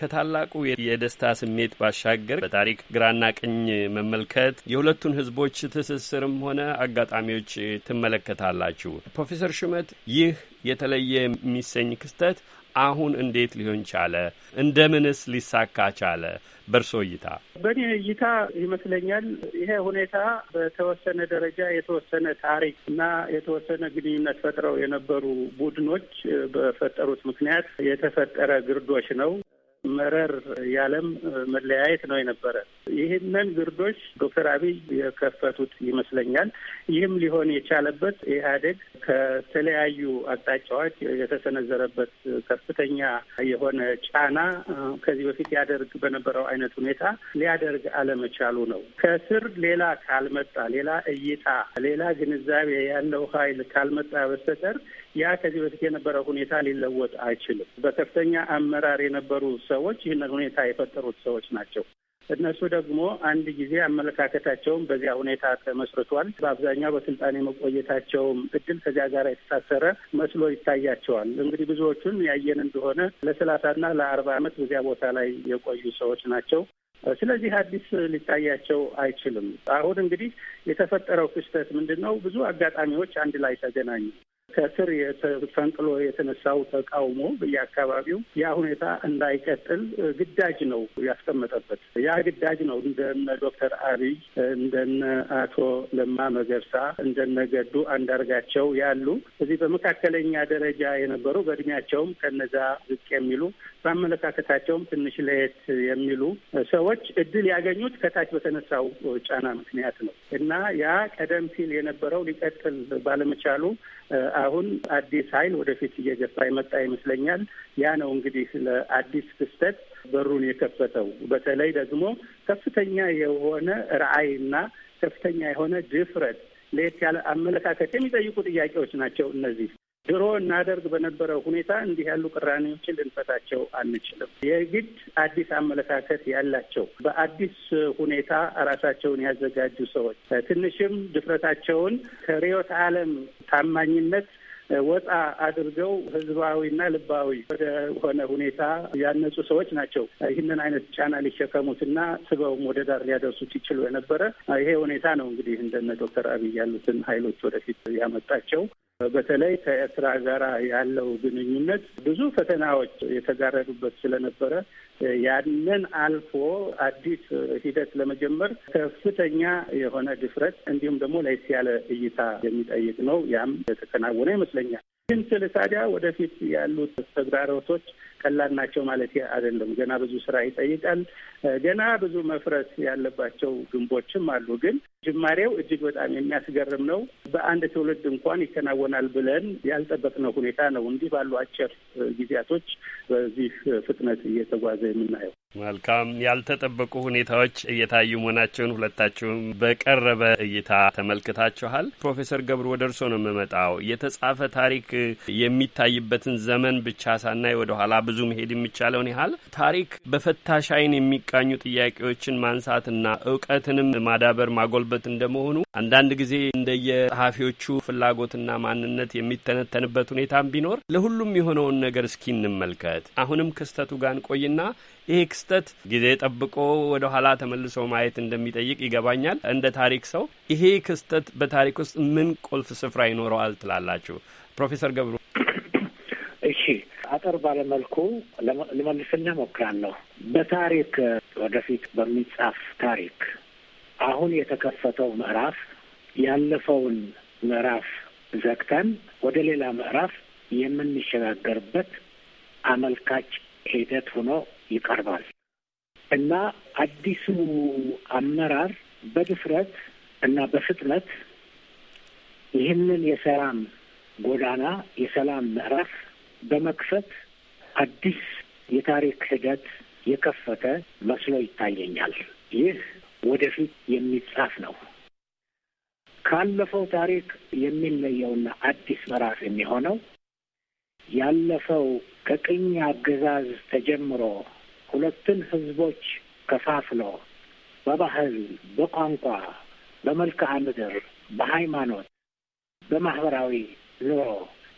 S16: ከታላቁ የደስታ ስሜት ባሻገር በታሪክ ግራና ቀኝ መመልከት የሁለቱን ህዝቦች ትስስርም ሆነ አጋጣሚዎች ትመለከታላችሁ። ፕሮፌሰር ሹመት ይህ የተለየ የሚሰኝ ክስተት አሁን እንዴት ሊሆን ቻለ? እንደምንስ ሊሳካ ቻለ? በእርሶ እይታ።
S7: በእኔ እይታ ይመስለኛል ይሄ ሁኔታ በተወሰነ ደረጃ የተወሰነ ታሪክ እና የተወሰነ ግንኙነት ፈጥረው የነበሩ ቡድኖች በፈጠሩት ምክንያት የተፈጠረ ግርዶች ነው። መረር ያለም መለያየት ነው የነበረ። ይህንን ግርዶች ዶክተር አብይ የከፈቱት ይመስለኛል። ይህም ሊሆን የቻለበት ኢህአዴግ ከተለያዩ አቅጣጫዎች የተሰነዘረበት ከፍተኛ የሆነ ጫና ከዚህ በፊት ያደርግ በነበረው አይነት ሁኔታ ሊያደርግ አለመቻሉ ነው። ከስር ሌላ ካልመጣ፣ ሌላ እይታ፣ ሌላ ግንዛቤ ያለው ኃይል ካልመጣ በስተቀር ያ ከዚህ በፊት የነበረው ሁኔታ ሊለወጥ አይችልም። በከፍተኛ አመራር የነበሩ ሰዎች ይህንን ሁኔታ የፈጠሩት ሰዎች ናቸው። እነሱ ደግሞ አንድ ጊዜ አመለካከታቸውም በዚያ ሁኔታ ተመስርቷል። በአብዛኛው በስልጣን የመቆየታቸውም እድል ከዚያ ጋር የተሳሰረ መስሎ ይታያቸዋል። እንግዲህ ብዙዎቹን ያየን እንደሆነ ለሰላሳና ለአርባ ዓመት በዚያ ቦታ ላይ የቆዩ ሰዎች ናቸው። ስለዚህ አዲስ ሊታያቸው አይችልም። አሁን እንግዲህ የተፈጠረው ክስተት ምንድን ነው? ብዙ አጋጣሚዎች አንድ ላይ ተገናኙ። ከስር ፈንቅሎ የተነሳው ተቃውሞ በየአካባቢው ያ ሁኔታ እንዳይቀጥል ግዳጅ ነው ያስቀመጠበት። ያ ግዳጅ ነው እንደነ ዶክተር አብይ እንደነ አቶ ለማ መገርሳ እንደነ ገዱ አንዳርጋቸው ያሉ እዚህ በመካከለኛ ደረጃ የነበሩ በእድሜያቸውም ከነዛ ዝቅ የሚሉ በአመለካከታቸውም ትንሽ ለየት የሚሉ ሰዎች እድል ያገኙት ከታች በተነሳው ጫና ምክንያት ነው እና ያ ቀደም ሲል የነበረው ሊቀጥል ባለመቻሉ አሁን አዲስ ኃይል ወደፊት እየገባ የመጣ ይመስለኛል። ያ ነው እንግዲህ ለአዲስ ክስተት በሩን የከፈተው። በተለይ ደግሞ ከፍተኛ የሆነ ራዕይና ከፍተኛ የሆነ ድፍረት ለየት ያለ አመለካከት የሚጠይቁ ጥያቄዎች ናቸው እነዚህ። ድሮ እናደርግ በነበረ ሁኔታ እንዲህ ያሉ ቅራኔዎችን ልንፈታቸው አንችልም። የግድ አዲስ አመለካከት ያላቸው በአዲስ ሁኔታ ራሳቸውን ያዘጋጁ ሰዎች ትንሽም ድፍረታቸውን ከርዕዮተ ዓለም ታማኝነት ወጣ አድርገው ህዝባዊና ልባዊ ወደ ሆነ ሁኔታ ያነጹ ሰዎች ናቸው። ይህንን አይነት ጫና ሊሸከሙትና ስበውም ወደ ዳር ሊያደርሱት ይችሉ የነበረ ይሄ ሁኔታ ነው እንግዲህ እንደነ ዶክተር አብይ ያሉትን ሀይሎች ወደፊት ያመጣቸው። በተለይ ከኤርትራ ጋራ ያለው ግንኙነት ብዙ ፈተናዎች የተጋረዱበት ስለነበረ ያንን አልፎ አዲስ ሂደት ለመጀመር ከፍተኛ የሆነ ድፍረት እንዲሁም ደግሞ ለየት ያለ እይታ የሚጠይቅ ነው። ያም የተከናወነ ይመስለኛል። ግን ስል ታዲያ ወደፊት ያሉት ተግዳሮቶች ቀላል ናቸው ማለት አይደለም። ገና ብዙ ስራ ይጠይቃል። ገና ብዙ መፍረስ ያለባቸው ግንቦችም አሉ። ግን ጅማሬው እጅግ በጣም የሚያስገርም ነው። በአንድ ትውልድ እንኳን ይከናወናል ብለን ያልጠበቅነው ሁኔታ ነው። እንዲህ ባሉ አጭር ጊዜያቶች በዚህ ፍጥነት እየተጓዘ የምናየው
S16: መልካም ያልተጠበቁ ሁኔታዎች እየታዩ መሆናቸውን ሁለታችሁም በቀረበ እይታ ተመልክታችኋል። ፕሮፌሰር ገብሩ ወደ እርሶ ነው የምመጣው። የተጻፈ ታሪክ የሚታይበትን ዘመን ብቻ ሳናይ ወደ ኋላ ብዙ መሄድ የሚቻለውን ያህል ታሪክ በፈታሽ ዓይን የሚቃኙ ጥያቄዎችን ማንሳትና እውቀትንም ማዳበር ማጎልበት እንደመሆኑ አንዳንድ ጊዜ እንደየጸሐፊዎቹ ፍላጎትና ማንነት የሚተነተንበት ሁኔታም ቢኖር ለሁሉም የሆነውን ነገር እስኪ እንመልከት። አሁንም ክስተቱ ጋር እንቆይና ይሄ ክስተት ጊዜ ጠብቆ ወደ ኋላ ተመልሶ ማየት እንደሚጠይቅ ይገባኛል። እንደ ታሪክ ሰው ይሄ ክስተት በታሪክ ውስጥ ምን ቁልፍ ስፍራ ይኖረዋል ትላላችሁ ፕሮፌሰር ገብሩ? [clears throat] እሺ
S8: አጠር ባለመልኩ ልመልስና ሞክራለሁ። በታሪክ ወደፊት በሚጻፍ ታሪክ አሁን የተከፈተው ምዕራፍ ያለፈውን ምዕራፍ ዘግተን ወደ ሌላ ምዕራፍ የምንሸጋገርበት አመልካች ሂደት ሆኖ ይቀርባል እና አዲሱ አመራር በድፍረት እና በፍጥነት ይህንን የሰላም ጎዳና የሰላም ምዕራፍ በመክፈት አዲስ የታሪክ ሂደት የከፈተ መስሎ ይታየኛል። ይህ ወደፊት የሚጻፍ ነው። ካለፈው ታሪክ የሚለየውና አዲስ ምዕራፍ የሚሆነው ያለፈው ከቅኝ አገዛዝ ተጀምሮ ሁለቱን ህዝቦች ከፋፍሎ በባህል፣ በቋንቋ፣ በመልክዓ ምድር፣ በሃይማኖት፣ በማህበራዊ ኑሮ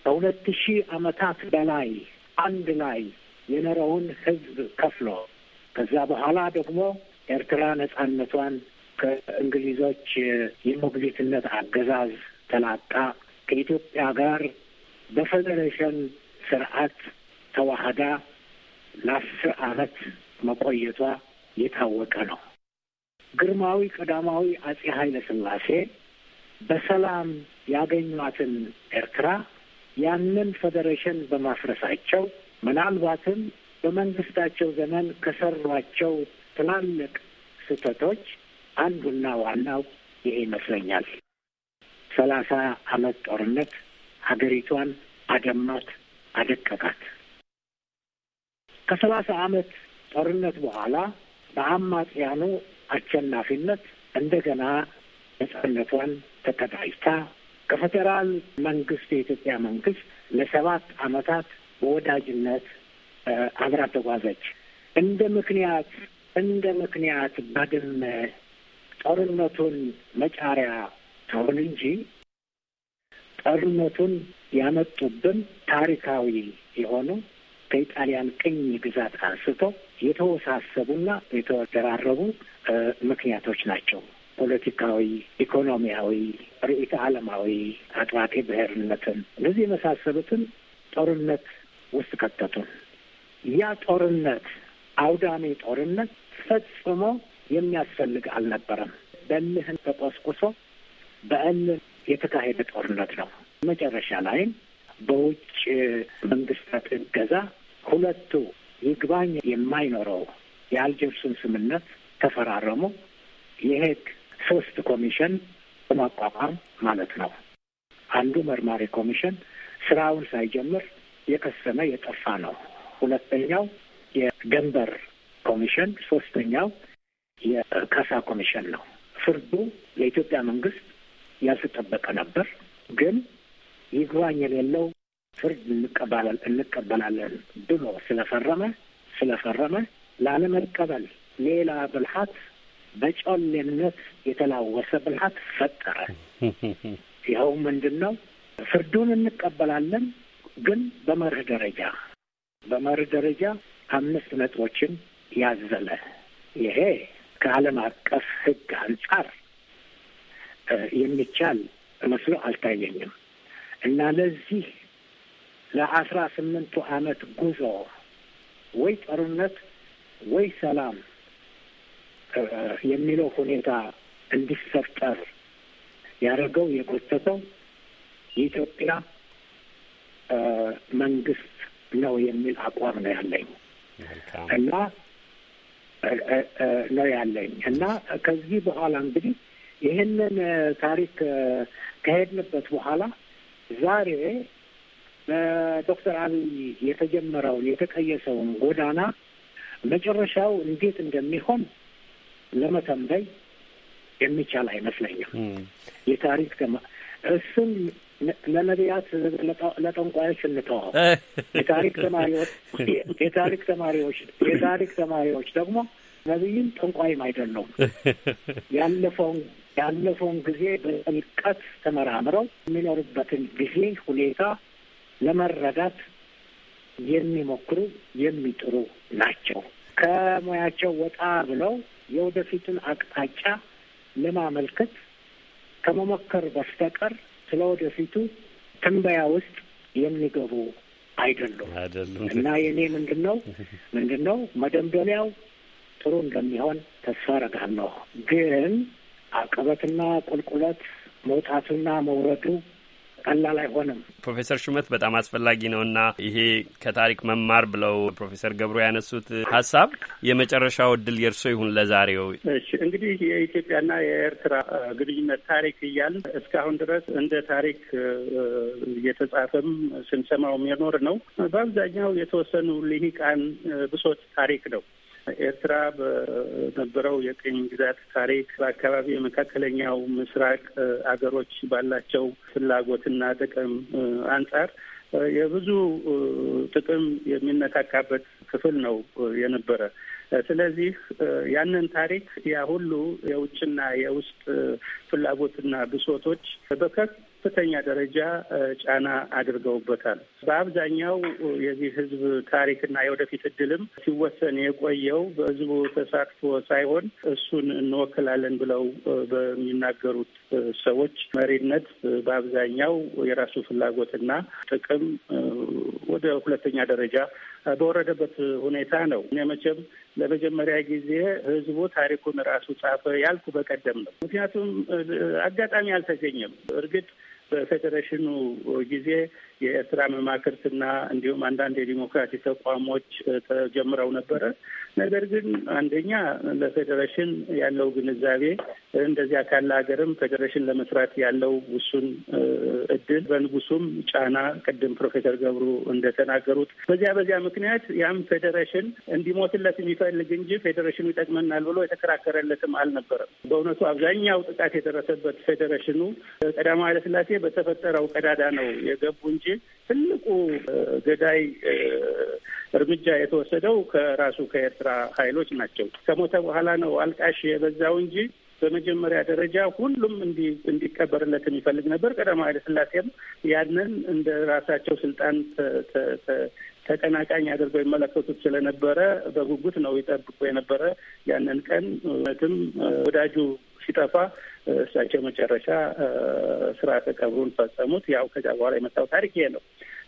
S8: ከሁለት ሺህ ዓመታት በላይ አንድ ላይ የኖረውን ህዝብ ከፍሎ ከዛ በኋላ ደግሞ ኤርትራ ነጻነቷን ከእንግሊዞች የሞግዚትነት አገዛዝ ተላጣ ከኢትዮጵያ ጋር በፌዴሬሽን ስርዓት ተዋህዳ ለአስር ዓመት መቆየቷ የታወቀ ነው። ግርማዊ ቀዳማዊ አጼ ኃይለ ሥላሴ በሰላም ያገኟትን ኤርትራ ያንን ፌዴሬሽን በማፍረሳቸው ምናልባትም በመንግስታቸው ዘመን ከሰሯቸው ትላልቅ ስህተቶች አንዱና ዋናው ይሄ ይመስለኛል። ሰላሳ ዓመት ጦርነት ሀገሪቷን አደማት፣ አደቀቃት። ከሰላሳ ዓመት ጦርነት በኋላ በአማጽያኑ አሸናፊነት እንደገና ነጻነቷን ተቀዳጅታ ከፌዴራል መንግስት የኢትዮጵያ መንግስት ለሰባት ዓመታት በወዳጅነት አብራ ተጓዘች። እንደ ምክንያት እንደ ምክንያት ባድመ ጦርነቱን መጫሪያ ትሆን እንጂ ጦርነቱን ያመጡብን ታሪካዊ የሆኑ ከኢጣሊያን ቅኝ ግዛት አንስቶ የተወሳሰቡና የተደራረቡ ምክንያቶች ናቸው። ፖለቲካዊ፣ ኢኮኖሚያዊ፣ ርዕተ ዓለማዊ፣ አጥባቂ ብሔርነትን፣ እነዚህ የመሳሰሉትን ጦርነት ውስጥ ከተቱን። ያ ጦርነት አውዳሜ ጦርነት ፈጽሞ የሚያስፈልግ አልነበረም። በእልህን ተቆስቁሶ በእልህ የተካሄደ ጦርነት ነው። መጨረሻ ላይም በውጭ መንግስታት እገዛ ሁለቱ ይግባኝ የማይኖረው የአልጀርሱን ስምነት ተፈራረሙ። የሄግ ሶስት ኮሚሽን በማቋቋም ማለት ነው። አንዱ መርማሪ ኮሚሽን ስራውን ሳይጀምር የከሰመ የጠፋ ነው። ሁለተኛው የደንበር ኮሚሽን፣ ሶስተኛው የካሳ ኮሚሽን ነው። ፍርዱ ለኢትዮጵያ መንግስት ያልተጠበቀ ነበር። ግን ይግባኝ የሌለው ፍርድ እንቀበላለን ብሎ ስለፈረመ ስለፈረመ ላለመቀበል ሌላ ብልሃት በጮሌነት የተላወሰ ብልሃት ፈጠረ። ይኸው ምንድን ነው? ፍርዱን እንቀበላለን ግን በመርህ ደረጃ በመርህ ደረጃ አምስት ነጥቦችን ያዘለ ይሄ ከዓለም አቀፍ ሕግ አንጻር የሚቻል መስሎ አልታየኝም እና ለዚህ ለአስራ ስምንቱ አመት ጉዞ ወይ ጦርነት ወይ ሰላም የሚለው ሁኔታ እንዲፈጠር ያደረገው የጎተተው የኢትዮጵያ መንግስት ነው የሚል አቋም ነው ያለኝ እና ነው ያለኝ እና ከዚህ በኋላ እንግዲህ ይህንን ታሪክ ከሄድንበት በኋላ ዛሬ በዶክተር አብይ የተጀመረውን የተቀየሰውን ጎዳና መጨረሻው እንዴት እንደሚሆን ለመተንበይ የሚቻል አይመስለኝም። የታሪክ እሱም ለነቢያት ለጠንቋዮች እንተዋው። የታሪክ ተማሪዎች [laughs] የታሪክ ተማሪዎች የታሪክ ተማሪዎች ደግሞ ነቢይም ጠንቋይም አይደለውም [laughs] ያለፈውን ያለፈውን ጊዜ በጥልቀት ተመራምረው የሚኖርበትን ጊዜ ሁኔታ ለመረዳት የሚሞክሩ የሚጥሩ ናቸው። ከሙያቸው ወጣ ብለው የወደፊቱን አቅጣጫ ለማመልከት ከመሞከር በስተቀር ስለ ወደፊቱ ትንበያ ውስጥ የሚገቡ
S7: አይደሉም እና የእኔ
S8: ምንድን ነው ምንድን ነው መደምደሚያው ጥሩ እንደሚሆን ተስፋ አደርጋለሁ። ግን አቀበትና ቁልቁለት መውጣቱና መውረዱ ቀላል አይሆንም።
S16: ፕሮፌሰር ሹመት በጣም አስፈላጊ ነውና ይሄ ከታሪክ መማር ብለው ፕሮፌሰር ገብሩ ያነሱት ሀሳብ የመጨረሻው እድል የእርሶ ይሁን ለዛሬው።
S7: እሺ እንግዲህ የኢትዮጵያና የኤርትራ ግንኙነት ታሪክ እያል እስካሁን ድረስ እንደ ታሪክ እየተጻፈም ስንሰማውም የኖር ነው። በአብዛኛው የተወሰኑ ልሂቃን ብሶት ታሪክ ነው። ኤርትራ በነበረው የቅኝ ግዛት ታሪክ በአካባቢ የመካከለኛው ምስራቅ አገሮች ባላቸው ፍላጎትና ጥቅም አንጻር የብዙ ጥቅም የሚነካካበት ክፍል ነው የነበረ። ስለዚህ ያንን ታሪክ ያ ሁሉ የውጭና የውስጥ ፍላጎትና ብሶቶች በከፍ ከፍተኛ ደረጃ ጫና አድርገውበታል። በአብዛኛው የዚህ ህዝብ ታሪክና የወደፊት እድልም ሲወሰን የቆየው በህዝቡ ተሳትፎ ሳይሆን እሱን እንወክላለን ብለው በሚናገሩት ሰዎች መሪነት በአብዛኛው የራሱ ፍላጎትና ጥቅም ወደ ሁለተኛ ደረጃ በወረደበት ሁኔታ ነው። እኔ መቼም ለመጀመሪያ ጊዜ ህዝቡ ታሪኩን ራሱ ጻፈ ያልኩ በቀደም ነው። ምክንያቱም አጋጣሚ አልተገኘም። እርግጥ በፌዴሬሽኑ ጊዜ የኤርትራ መማክርትና እንዲሁም አንዳንድ የዲሞክራሲ ተቋሞች ተጀምረው ነበረ። ነገር ግን አንደኛ ለፌዴሬሽን ያለው ግንዛቤ እንደዚያ ካለ ሀገርም ፌዴሬሽን ለመስራት ያለው ውሱን እድል በንጉሱም ጫና ቅድም ፕሮፌሰር ገብሩ እንደተናገሩት በዚያ በዚያ ምክንያት ያም ፌዴሬሽን እንዲሞትለት የሚፈልግ እንጂ ፌዴሬሽኑ ይጠቅመናል ብሎ የተከራከረለትም አልነበረም። በእውነቱ አብዛኛው ጥቃት የደረሰበት ፌዴሬሽኑ ቀዳማዊ ኃይለ ሥላሴ በተፈጠረው ቀዳዳ ነው የገቡ እንጂ ትልቁ ገዳይ እርምጃ የተወሰደው ከራሱ ከኤርትራ ኃይሎች ናቸው። ከሞተ በኋላ ነው አልቃሽ የበዛው እንጂ በመጀመሪያ ደረጃ ሁሉም እንዲቀበርለት የሚፈልግ ነበር። ቀዳማዊ ኃይለሥላሴም ያንን እንደ ራሳቸው ስልጣን ተቀናቃኝ አድርገው ይመለከቱት ስለነበረ በጉጉት ነው ይጠብቁ የነበረ ያንን ቀን እውነትም ወዳጁ ሲጠፋ እሳቸው መጨረሻ ስርዓተ ቀብሩን ፈጸሙት። ያው ከዚያ በኋላ የመጣው ታሪክ ይሄ ነው።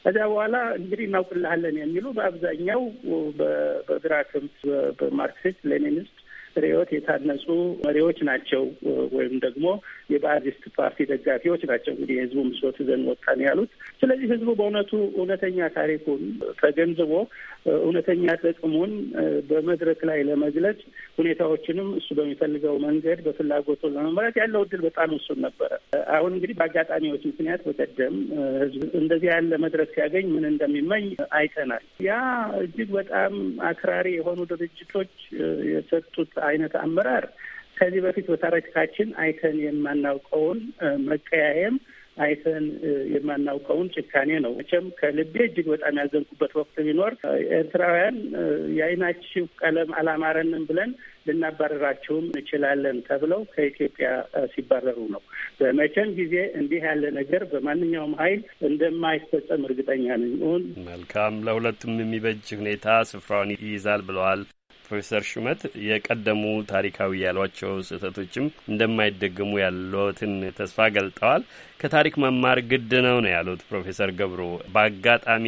S7: ከዚያ በኋላ እንግዲህ እናውቅልሃለን የሚሉ በአብዛኛው በግራ ክምት በማርክሲስት ሌኒኒስት ርዕዮት የታነጹ መሪዎች ናቸው ወይም ደግሞ የባዕዲስት ፓርቲ ደጋፊዎች ናቸው። እንግዲህ የህዝቡ ምስሎት ዘን ወጣን ያሉት። ስለዚህ ህዝቡ በእውነቱ እውነተኛ ታሪኩን ተገንዝቦ እውነተኛ ጥቅሙን በመድረክ ላይ ለመግለጽ ሁኔታዎችንም እሱ በሚፈልገው መንገድ በፍላጎቱ ለመምራት ያለው እድል በጣም እሱን ነበረ። አሁን እንግዲህ በአጋጣሚዎች ምክንያት በቀደም ህዝብ እንደዚህ ያለ መድረክ ሲያገኝ ምን እንደሚመኝ አይተናል። ያ እጅግ በጣም አክራሪ የሆኑ ድርጅቶች የሰጡት አይነት አመራር ከዚህ በፊት በታሪካችን አይተን የማናውቀውን መቀያየም አይተን የማናውቀውን ጭካኔ ነው። መቼም ከልቤ እጅግ በጣም ያዘንኩበት ወቅት ቢኖር ኤርትራውያን የአይናችሁ ቀለም አላማረንም ብለን ልናባረራቸውም እንችላለን ተብለው ከኢትዮጵያ ሲባረሩ ነው። በመቼም ጊዜ እንዲህ ያለ ነገር በማንኛውም ኃይል እንደማይፈጸም እርግጠኛ ነኝ።
S16: መልካም ለሁለቱም የሚበጅ ሁኔታ ስፍራውን ይይዛል ብለዋል ፕሮፌሰር ሹመት የቀደሙ ታሪካዊ ያሏቸው ስህተቶችም እንደማይደገሙ ያለትን ተስፋ ገልጠዋል። ከታሪክ መማር ግድ ነው ነው ያሉት ፕሮፌሰር ገብሩ። በአጋጣሚ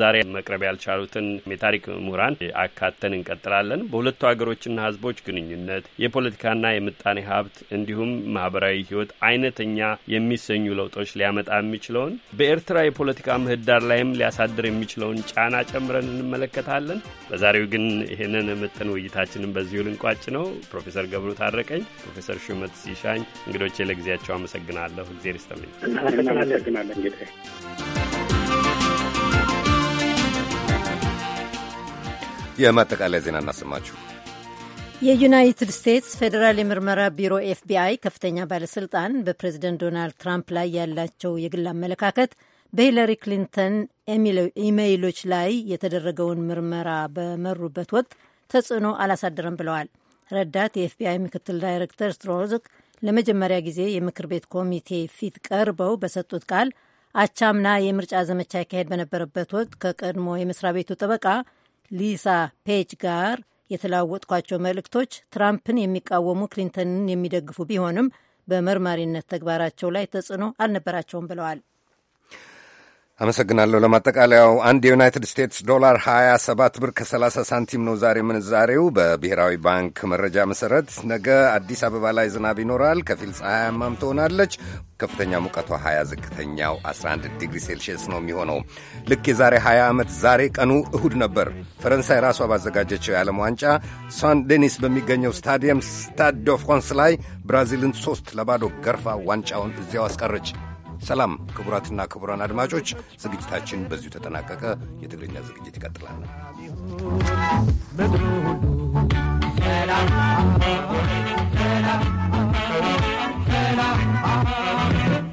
S16: ዛሬ መቅረብ ያልቻሉትን የታሪክ ምሁራን አካተን እንቀጥላለን። በሁለቱ ሀገሮችና ህዝቦች ግንኙነት፣ የፖለቲካና የምጣኔ ሀብት እንዲሁም ማህበራዊ ህይወት አይነተኛ የሚሰኙ ለውጦች ሊያመጣ የሚችለውን በኤርትራ የፖለቲካ ምህዳር ላይም ሊያሳድር የሚችለውን ጫና ጨምረን እንመለከታለን። በዛሬው ግን ይህንን ምጥን ውይይታችንን በዚሁ ልንቋጭ ነው። ፕሮፌሰር ገብሩ ታረቀኝ፣ ፕሮፌሰር ሹመት ሲሻኝ እንግዶቼ ለጊዜያቸው አመሰግናለሁ። እግዜር ይስጥልኝ።
S7: እናመሰግናለን
S1: የማጠቃለያ ዜና እናሰማችሁ።
S2: የዩናይትድ ስቴትስ ፌዴራል የምርመራ ቢሮ ኤፍቢአይ ከፍተኛ ባለስልጣን በፕሬዝደንት ዶናልድ ትራምፕ ላይ ያላቸው የግል አመለካከት በሂለሪ ክሊንተን ኢሜይሎች ላይ የተደረገውን ምርመራ በመሩበት ወቅት ተጽዕኖ አላሳደረም ብለዋል። ረዳት የኤፍቢአይ ምክትል ዳይሬክተር ስትሮዝክ ለመጀመሪያ ጊዜ የምክር ቤት ኮሚቴ ፊት ቀርበው በሰጡት ቃል አቻምና የምርጫ ዘመቻ ያካሄድ በነበረበት ወቅት ከቀድሞ የመስሪያ ቤቱ ጠበቃ ሊሳ ፔጅ ጋር የተለዋወጥኳቸው መልእክቶች ትራምፕን የሚቃወሙ ክሊንተንን የሚደግፉ ቢሆንም በመርማሪነት ተግባራቸው ላይ ተጽዕኖ አልነበራቸውም ብለዋል።
S1: አመሰግናለሁ። ለማጠቃለያው አንድ የዩናይትድ ስቴትስ ዶላር 27 ብር ከ30 ሳንቲም ነው ዛሬ ምንዛሬው። በብሔራዊ ባንክ መረጃ መሠረት ነገ አዲስ አበባ ላይ ዝናብ ይኖራል። ከፊል ፀሐያማም ትሆናለች። ከፍተኛ ሙቀቷ 20፣ ዝቅተኛው 11 ዲግሪ ሴልሺየስ ነው የሚሆነው። ልክ የዛሬ 20 ዓመት ዛሬ ቀኑ እሁድ ነበር ፈረንሳይ ራሷ ባዘጋጀችው የዓለም ዋንጫ ሳን ዴኒስ በሚገኘው ስታዲየም ስታድ ዶ ፍራንስ ላይ ብራዚልን ሦስት ለባዶ ገርፋ ዋንጫውን እዚያው አስቀረች። ሰላም ክቡራትና ክቡራን አድማጮች፣ ዝግጅታችን በዚሁ ተጠናቀቀ። የትግርኛ ዝግጅት ይቀጥላል።